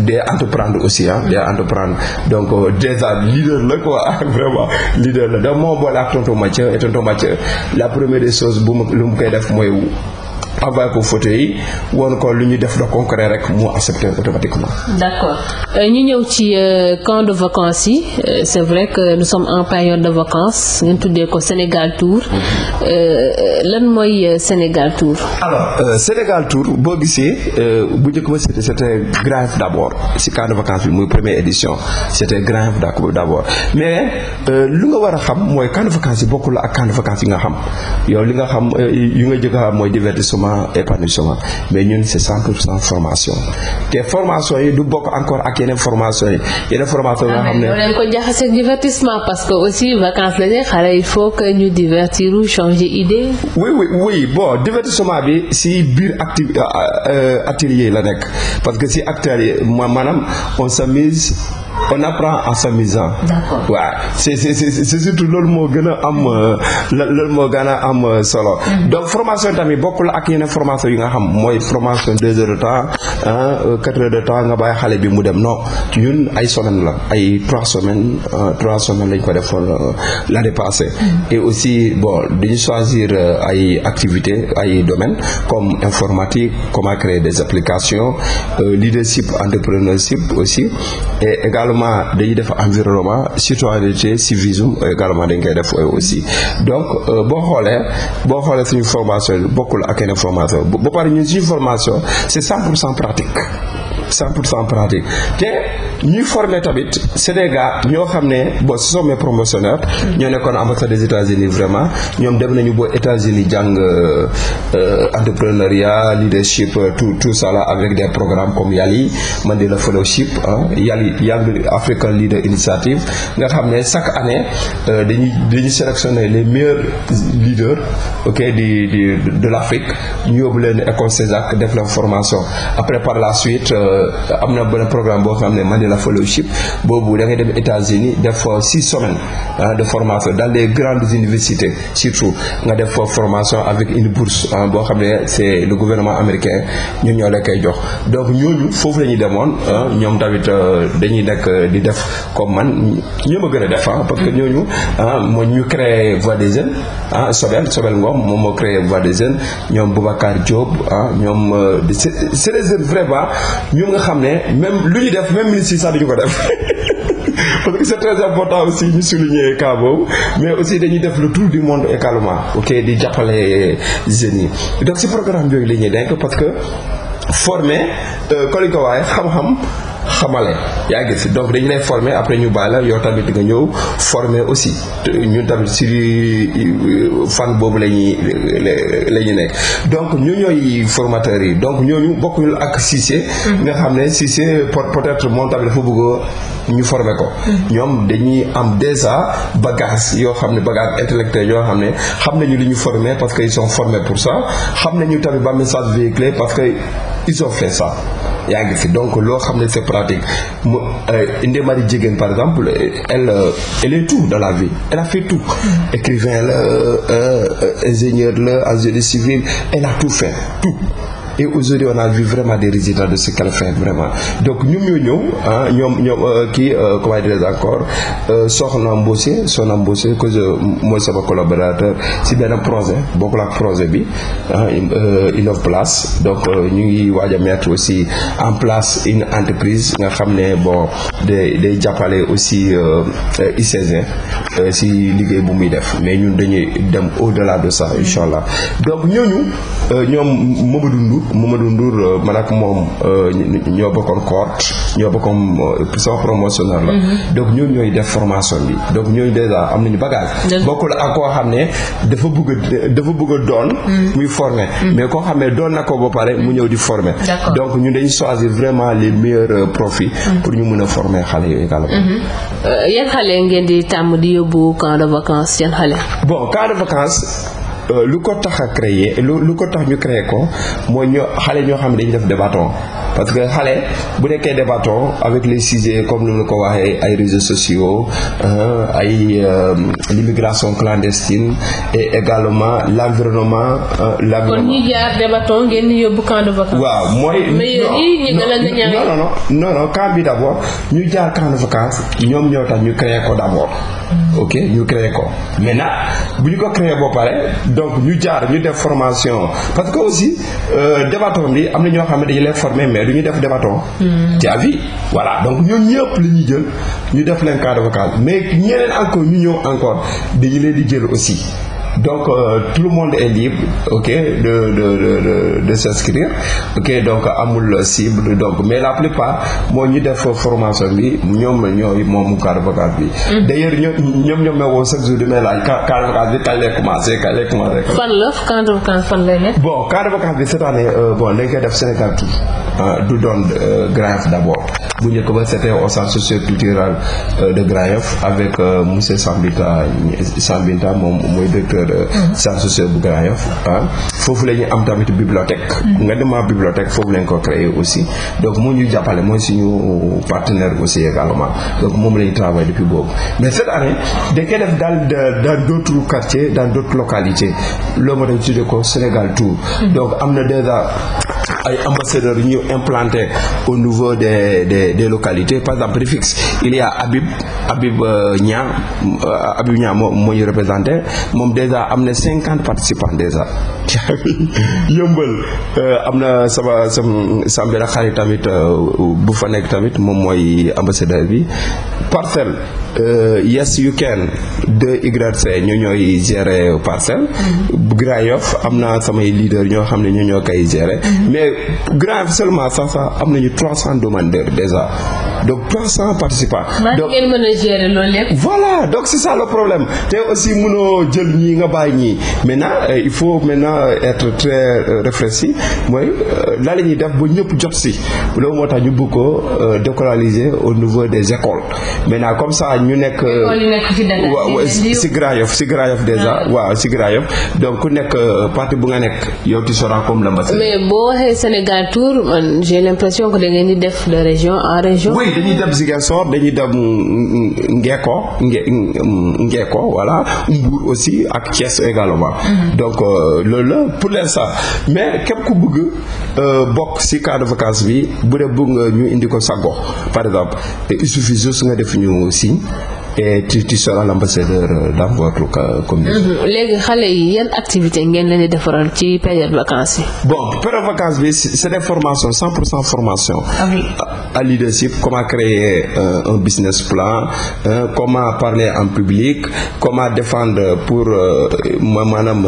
des entreprendre aussi ah des entreprendre donc déjà leader la quoi vraiment leader la donc moo boole ak tonton Mathieu et tonton Mathieu la première des choses bu ma lu mu koy def mooy. envoyé ko photo woon ko lu ñu def de concret rek moo accepté automatiquement. d'accord euh, ñu ñëw ci euh, camp de vacances yi euh, c'est vrai que nous sommes en période de vacances ngeen tuddee ko Sénégal Tour mm-hmm. lan mooy Sénégal Tour. alors euh, Sénégal Tour boo gisee bu njëkk ba c'était c'était grave d'abord si camp de vacances bi muy première édition c'était grave d'abord mais lu nga war a xam mooy camp de vacances yi bokkul ak camp de vacances yi nga xam yow li nga xam yu 100% épanouissement mais ñun c'est 100% formation te formation yi du bokk encore ak yeneen formation yi yeneen formation yoo xam ne. ah mais ko jaxase divertissement parce que aussi vacances la ne xale il faut que ñu divertir ou changer idée. oui oui oui bon divertissement bi si biir acti euh, euh, la nekk parce que si acteurs manam maanaam on s'amuse on apprend en s'amusant. d'accord waaw c'est c'est c'est surtout loolu moo gën a am euh, loolu moo gën a am euh, solo. Mm-hmm. donc formation tamit bokkul ak yeneen formation yi nga xam mooy formation deux heures de temps ah quatre heures de temps nga bàyyi xale bi mu dem non ñun ay semaines la ay trois semaines trois semaines lañ ko defoon l'année passée. Mm-hmm. et aussi bon dañu choisir ay activités ay domaines comme informatique comment créer des applications leadership entrepreneurship aussi et également. également dañuy def environnement citoyenneté civisme également dañ koy def aussi donc euh, boo xoolee boo xoolee suñu formation bokkul ak yeneen formation ba ñun suñu formation c'est cent pour cent pratique cent pour cent pratique te ñuy former tamit c'est ñoo xam ne bon ce sont mes promotionnaires ñoo nekkoon ambassade des États-Unis vraiment ñoom dem nañu boo États-Unis jàng euh, euh, entrepreneuriat leadership euh, tout tout ça là avec des programmes comme Yali Mandela Fellowship ah Yali Young African Leader Initiative nga xam ne chaque année dañuy dañuy sélectionner les meilleurs leaders ok di di de l'Afrique ñu yóbbu leen école CESAC def la formation après par la Euh, am na benn programme boo xam ne man Mandela Fellowship boobu da ngay dem États-Unis def six semaines de formation dans les grandes universités surtout nga def formation avec une bourse boo xam ne c'est le gouvernement américain ñun ñoo la koy jox donc ñooñu foofu la ñuy demoon ñoom tamit euh, dañuy nekk euh, di def comme man ñoo ma a def parce que ñooñu moo ñu créé voix des jeunes ah Sobel Sobel Ngom moom moo créé voix des jeunes ñoom Boubacar Diop ah ñoom c'est des vraiment nga xam ne même lu ñu def même ministre yi sax duñu ko def parce que c'est très important aussi ñu souligner cas mais aussi dañuy def le tour du monde également ok di jàppale jeunes yi donc si programme yooyu la ñuy denk parce que former euh, ko waaye xam-xam xamale yaa ngi donc dañu lay former après ñu bàyyi la yow tamit nga ñëw former aussi ñu tamit si fan boobu la ñuy la ñu nekk donc ñu ñooy formateurs yi donc ñooñu bokkuñu ak Cissé mm-hmm. nga xam ne Cissé peut-être moom tamit dafa bëgg ñu former ko mm-hmm. ñoom dañuy am déjà bagage yoo xam ne bagage intellectuel yoo xam ne xam nañu li ñu former parce que ils sont formés pour ça xam nañu tamit ba message véhiculé parce que ils ont fait ça yaa ngi fi donc loo xam ne c'est pratique mu euh, Inde Marie Diéguène par exemple elle euh, elle est tout dans la vie elle a fait tout mm-hmm. écrivain la euh, ingénieur la de civil elle a tout fait tout et aujourd'hui on a vu vraiment des résultats de ce qu'elle fait vraiment donc ñun ñoo ñëw ah ñoom ñoom euh, kii euh, comment dire encore euh, soxna Mbossé soxna Mbossé que mooy sama collaborateur si benn projet bokkul ak projet bi ah Place donc ñu ngi waaj aussi en place une entreprise nga xam ne bon day day jàppale aussi ICG si liggéey bu muy def mais ñun dañuy dem au delà de ça mm. incha allah Mamadou Ndour euh, man ak moom euh, ñoo bokkoon cohorte ñoo bokkoon puissance euh, promotionnelle la. Mhm. donc ñooñu ñooy def formation bi donc ñooñu déjà am nañu bagage. bokkul ak koo xam ne dafa bëgg a dafa bëgg a doon. Mhm. muy former mhm. mais koo xam ne doon na ko ba pare mu ñëw di former. donc ñun dañu choisir vraiment les meilleurs profils. pour ñu mën a former xale yooyu kàlla. yan xale ngeen di tàmm di yóbbu camp de vacances yan xale. bon camp de vacances. Euh, lu ko tax a créer lu lu ko tax ñu créer ko mooy ñoo xale ñoo xam ne dañu def débatton parce que xale bu nekkee débattant avec les sujets comme ni mu ko waxee ay réseaux sociaux euh, ay euh, l'immigration clandestine et également l'environnement euh, l'environnement kon ñi jaar débattant ngeen yóbbu camp de waaw mooy mais yooyu non non non non camp bi d'abord ñu jaar camp de ñoom ñoo tax ñu créé ko d'abord mm. ok ñu créé ko maintenant bu ñu ko créé boo pare donc ñu jaar ñu def formation parce que aussi débattant bi am na mais du ñu def defatoo. Hmm. ci avis voilà donc ñoom ñëpp la jël ñu def leen cas de vocal mais ñeneen encore ñu ñëw encore dañu leen di jël aussi. Donc, euh, tout le monde est libre ok de de de de s'inscrire ok donc amul cible donc mais la plupart moo ñu def formation bi ñoom ñooy moomu carte vacance bi. Mm-hmm. d'ailleurs ñoom ñoom ñoom ñoo woo chaque jour di may laaj carte vacance bi kañ lay commencé kañ lay commencé. fan la carte vacance fan lay nekk. bon carte vacance bi cette année euh, bon dañ koy def Sénégal tout ah, du doon euh, grave d'abord. bu njëkk ba c'était au centre socioculturel euh, de Grand Yoff avec euh, monsieur Sambita Sambita moom mooy directeur euh, mhm. centre social bu Grand Yoff ah foofu la ñu am tamit bibliothèque mhm. nga demaa bibliothèque foofu lañ ko créé aussi donc moo ñu jàppale mooy suñu partenaire aussi également donc moom la ñu travaille depuis boobu mais cette année dañ koy def dans dans d'autres quartiers dans d'autres localités loolu moo ko Sénégal Tour mhm. donc am na déjà ay ambassadeurs yu ñu implanté au niveau des des des localités par exemple Rufisque il y a Habib Habib euh, Niang euh, Habib Niang moo moo ñu représenté moom déjà am na cinquante participants déjà yëmbal euh, am na sama sama sama benn xarit tamit bu fa nekk tamit moom mooy ambassadeur bi parcelle Euh, yes yu can de YC ñoo ñooy gérer parcelle. Mm-hmm. Grand Yoff am na samay leader ñoo xam ne ñoo ñoo koy gérer. Mm-hmm. mais Grand Yoff seulement sax sax am nañu trois cent demandeurs déjà donc trois cent participants. donc ngeen mën a gérer loolu lépp. voilà donc c'est ça le problème te aussi munoo jël ñii nga bàyyi ñii na euh, il faut maintenant euh, être très réfléchi mooy la la ñuy def ba ñëpp jot si loolu moo tax ñu bëgg ko décoloniser au niveau des écoles maintenant comme ça. ñu nekk. école si Grand Yoff si Grand Yoff déjà ah. waaw si Grand donc ku nekk euh, parti bu nga nekk yow tu seras comme l'ambassadeur. mais boo waxee Sénégal Tour man j'ai l'impression que da ngeen def de région en région. oui dañuy dem Ziguinchor dañuy dem Ngeko Ngeko voilà Mbour aussi ak Thiès également. Mhm. donc euh, loolu la pour l'instant mais képp ku bëgg euh, bokk si cas de vacance bi bu dee bëgg nga ñu indi ko sa gox par exemple il suffit juste nga def ñu signe et tu tu seras l'ambassadeur euh, dans votre commune. Mhm. léegi xale yi yan activité ngeen leen di defaral ci période vacances yi. bon période vacances bi c'est des formations 100 pour 100 formation. ah oui à leadership comment créer euh, un business plan euh, comment parler en public comment défendre pour maanaam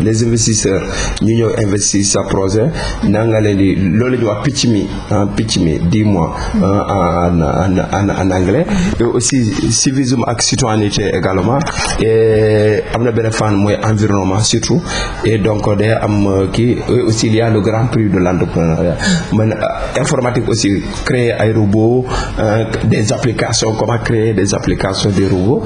les investisseurs ñu ñëw investir sa projet na nga leen di loolu la wax picc mi en picc mi dis mois en en anglais mhm. et aussi. civisme ak citoyenneté également am na benn fànn mooy environnement surtout et donc day am euh, kii aussi il le grand prix de l'entrepreneuriat man euh, informatique aussi créer ay robots euh, des applications comment créer des applications des robots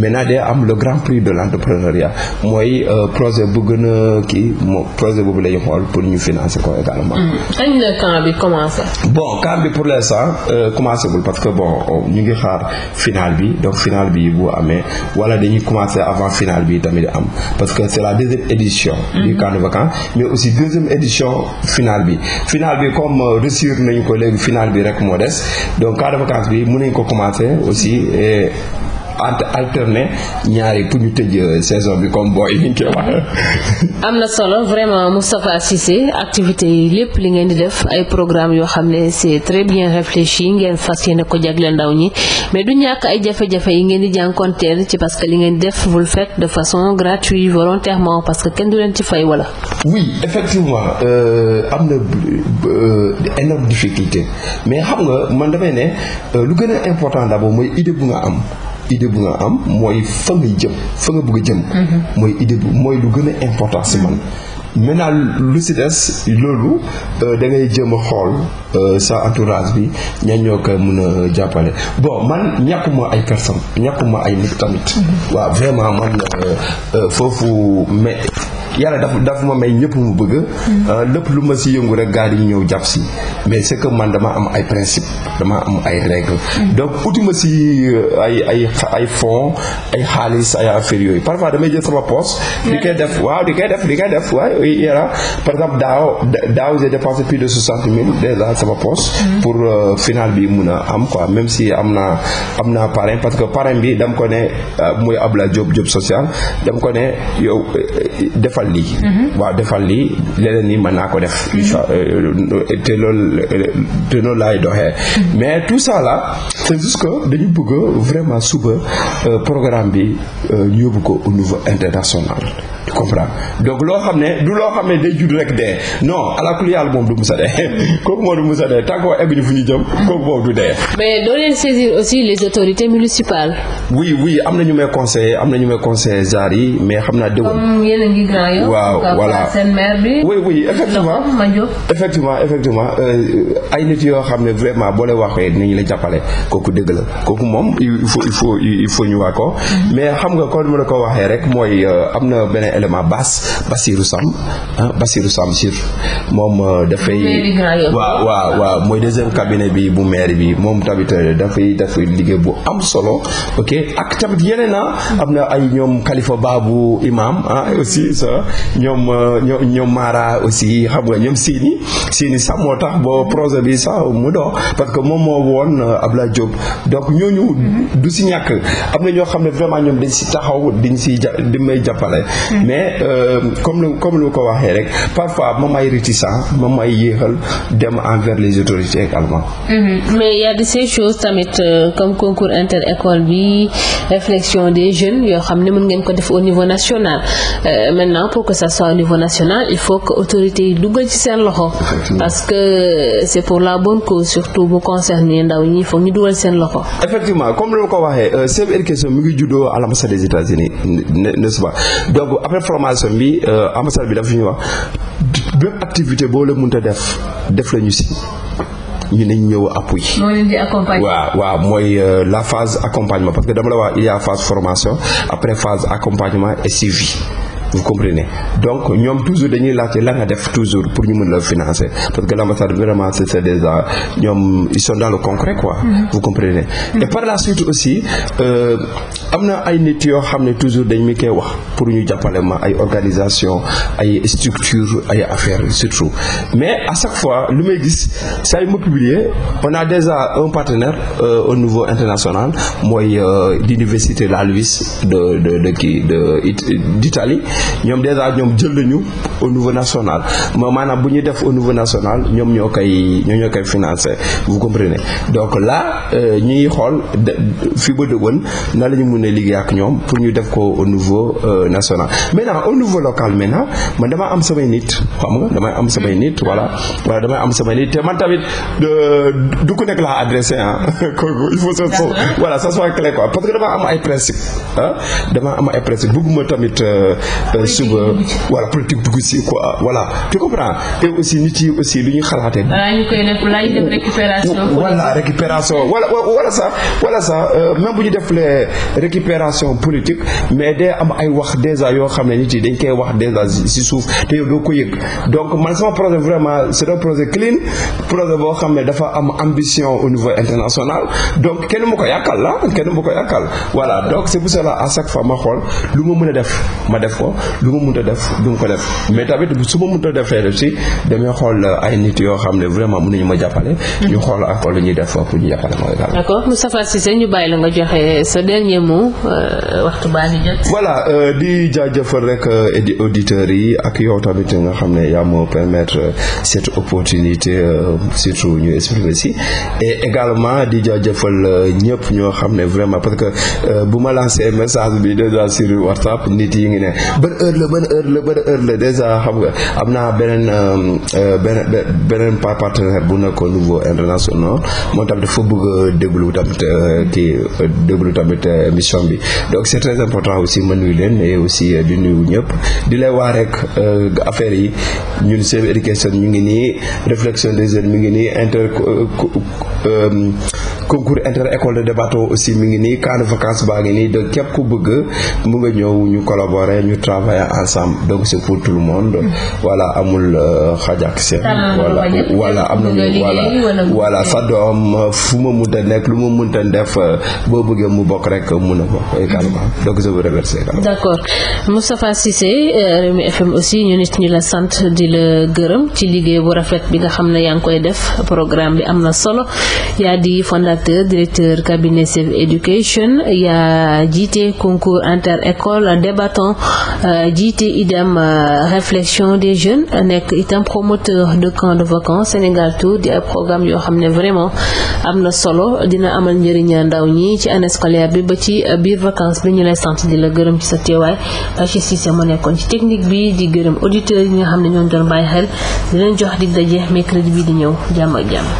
maintenant day am le grand prix de l'entrepreneuriat mooy projet bu gën a kii moom projet boobu la ñu xool pour ñu financer ko également. Mm-hmm. kañ la camp bi commencé. bon camp bi pour l'instant commencé gul parce que bon ñu ngi finale bi donc finale bi bu amee wala dañuy commencer avant finale bi tamit am parce que c'est la deuxième édition mhm. du camp de vacances mais aussi deuxième édition finale bi finale bi comme euh, réussir nañu ko léegi finale bi rek moo des donc camp de bi mën nañu ko commencer aussi alterner ñaari pour ñu tëj euh, saison bi comme booy yi ñu am na solo vraiment Moustapha Cissé activités yi lépp li ngeen di def ay programme yoo xam ne c'est très bien réfléchi ngeen fas yéene ko jagleel ndaw ñi mais du ñàkk ay jafe-jafe yi ngeen di jànkonteel ci parce que li ngeen def vous le faites de façon gratuite volontairement parce que kenn du leen ci fay wala. oui effectivement euh, am na euh, énorme difficulté mais xam nga man damay ne lu gën a important d'abord mooy idée bu am. idée bu nga am mooy fa ngay jëm fa nga bëgg a jëm mm-hmm. mooy idée bu mooy lu gën a important si man maintenant lu si des loolu euh, da ngay jëm a xool euh, sa entourage bi ñan ñoo ko mën a jàppale bon man ñàkkuma ay personne ñàkkuma ay nit tamit mm-hmm. waaw vraiment man euh, foofu mais yàlla daf dafa ma may ñëpp mu bëgg mm-hmm. euh, lépp lu ma si yëngu rek gars yi ñëw jàpp si mais c'est que man dama am ay principe dama am ay règles mm-hmm. donc uti ma si euh, ay ay ay fonds ay xaalis ay affaires yooyu parfois damay jël sama poste koy def waaw di def di koy def waaw IERA par exemple daaw daaw j'ai de soixante mille mm-hmm. pour euh, final bi mun a am quoi même si am naa am naa parrain parce que parrain bi dam ko ne muy Abla Diop Diop social dam ko ne yow defal defal lii. Mhm. waaw defal lii leneen nii mën naa ko def. Mhm. Euh, te loolu laay doxee. Mhm. mais tout ça là c'est que dañu bëgg vraiment suba euh, programme bi euh, ñu yóbbu ko au international. comprendre donc loo xam ne du loo xam ne day judd rek dee non alakul yàlla moom du musa dee kooku moom du musa dee tant que egguñu fu ñu jëm kooku moom du dee. mais ñu may conseillé am na ñu may conseillé yi mais xam naa déwén. a ngi grand yow. waaw voilà euh, yoo xam ne vraiment boo la jàppale kooku dëgg la kooku moom mm-hmm. nga comme ni ma la ko waxee rek mooy euh, am na beneen élément basse Bassirou Sam ah Bassirou Sam Sir moom euh, dafay. waaw waaw waaw mooy deuxième cabinet bi bu maire bi moom tamit euh, dafay dafay liggéey bu am solo ok ak tamit yeneen ah, am na ay ñoom kalifa Babou Imam ah aussi ça ñoom euh, ñoom aussi xam nga ñoom Sini Sini sax moo tax boo projet bi sax mu dox parce que moom moo woon Abdoulaye Diop donc ñooñu mhm. du si ñàkk am na ñoo xam ne vraiment ñoom dañ si taxaw dañ si ja di may jàppale. Mhm. mais euh, comme lu comme ko waxee rek parfois moom ay réticent moom ay yéexal dem envers les autorités également. Mm-hmm. mais y a de ces choses tamit euh, comme concours inter école bi réflexion des jeunes yoo xam ne mën ngeen ko def au niveau national euh, maintenant pour que sa soit au niveau national il faut que autorités yi duggal ci seen loxo. parce que c'est pour la bonne cause surtout bu concerné ndaw ñi foog ñu dugal seen loxo. effectivement comme lu ko waxee Save Education mu ngi juddoo à l'ambassade des information bi euh, ambassade bi dafa ñuy wax bépp activité boo la mënta def def lañu si ñu ne ñëw appui. waaw waaw mooy euh, la phase accompagnement parce que dama la wax il y phase formation après phase accompagnement et suivi. vous comprenez donc ñoom toujours dañuy laajte la nga def toujours pour ñu mën la financer parce que l' ambassade vraiment c' est des ñoom ils sont dans le concret quoi. Mm-hmm. vous comprenez. Mm-hmm. et par la suite aussi euh, am na ay nit yoo xam ne toujours dañ mi koy wax pour ñu jàppale ma ay organisation ay structure ay affaires surtout mais à chaque fois lu may gis saa yu ma publier on a déjà un partenaire euh, au niveau international mooy euh, l'université la Luiss de de de kii de d'Italie ñoom déjà ñoom jël nañu au niveau national ma maanaam bu ñuy def au niveau national ñoom ñoo koy ñoo ñoo koy financer vous comprenez donc là euh, ñuy xool fi ba dëggoon na la ñu mën a liggéey ak ñoom pour ñu def ko au niveau euh, national maintenant au niveau local maintenant man damaa am samay nit damay am samay nit voilà voilà damay am samay nit man tamit du ku nekk laa adressé ah kooku il faut que ça voilà ça soit clair quoi parce que dama am ay principe ah dama am ay principe bëgguma tamit euh, suba voilà politique dugg si ko voilà tu comprends te aussi nit yi aussi lu ñu xalaatee. voilà ñu koy def laay def euh, récupération. voilà récupération wala wala sax wala sax même bu ñu def les récupération politique mais day am ay wax déjà yoo xam ne nit yi dañ koy wax déjà si suuf te yow doo ko yëg donc man sama projet vraiment c'est un projet clean projet boo xam ne dafa am ambition au niveau international donc kenn mu ko yàkkal la ah, kenn mu ko yàkkal voilà donc c'est pour cela à chaque fois ma xool lu ma mën a def ma def ko. lu ma mënta def du ma ko def mais tamit su ma mënta defee def si demee xool euh, ay nit yoo xam ne vraiment mënuñu ma jàppale. ñu xool ak lu ñuy def pour ñu jàppale mooy daal. d'accord Moustapha Cissé ñu bàyyi la nga joxe sa dernier euh, baa ngi jot. voilà euh, di jaajëfal rek di auditeurs yi ak yow tamit nga xam ne yaa ma permettre cette opportunité surtout ñu exprimer si et également di jaajëfal ñëpp ñoo xam ne vraiment parce que bu ma lancé message bi déjà sur WhatsApp nit yi ngi ne. ban heure la ban heure la ban heure la déjà xam nga am naa beneen euh, euh, beneen beneen partenaire bu nekkoon niveau international moom tamit dafa bëgg a déglu tamit euh, kii déglu tamit émission bi donc c'est très important aussi ma nuyu leen et aussi di nuyu ñëpp di lay waa rek affaire yi ñun seen éducation ñu ngi nii réflexion des jeunes mi ngi nii inter concours inter école de débat aussi mi ngi nii camp de baa ngi nii donc képp ku bëgg mu travaillant ensemble donc c'est pour tout le monde amul euh, xaj ak seen am nañu voilà voilà sa doom fu ma mënta nekk lu ma mënta def euh, boo bëggee mu bokk rek euh, mun na bokk également mhm. donc je vous remercie d'accord Moustapha Cissé Rewmi FM aussi ñu nit ñu la sant di la gërëm ci liggéey bu rafet bi nga xam ne yaa ngi koy def programme bi am na solo yaa di fondateur directeur cabinet Save Education yaa jiite concours inter école débattant Euh, jiite idem euh, réflexion des jeunes nekk itam promoteur de camp de vacances Sénégal Tour di ay programme yoo xam ne vraiment am na solo dina amal njëriñ ndaw ñi ci année scolaire bi ba ci biir vacances bi ñu lay sant di la gërëm ci sa teewaay Bachir mu nekkoon ci technique bi di gërëm auditeurs yi nga xam ne ñoo doon bàyyi xel di leen jox dig daje crédit bi di ñëw jàmm ak jàmm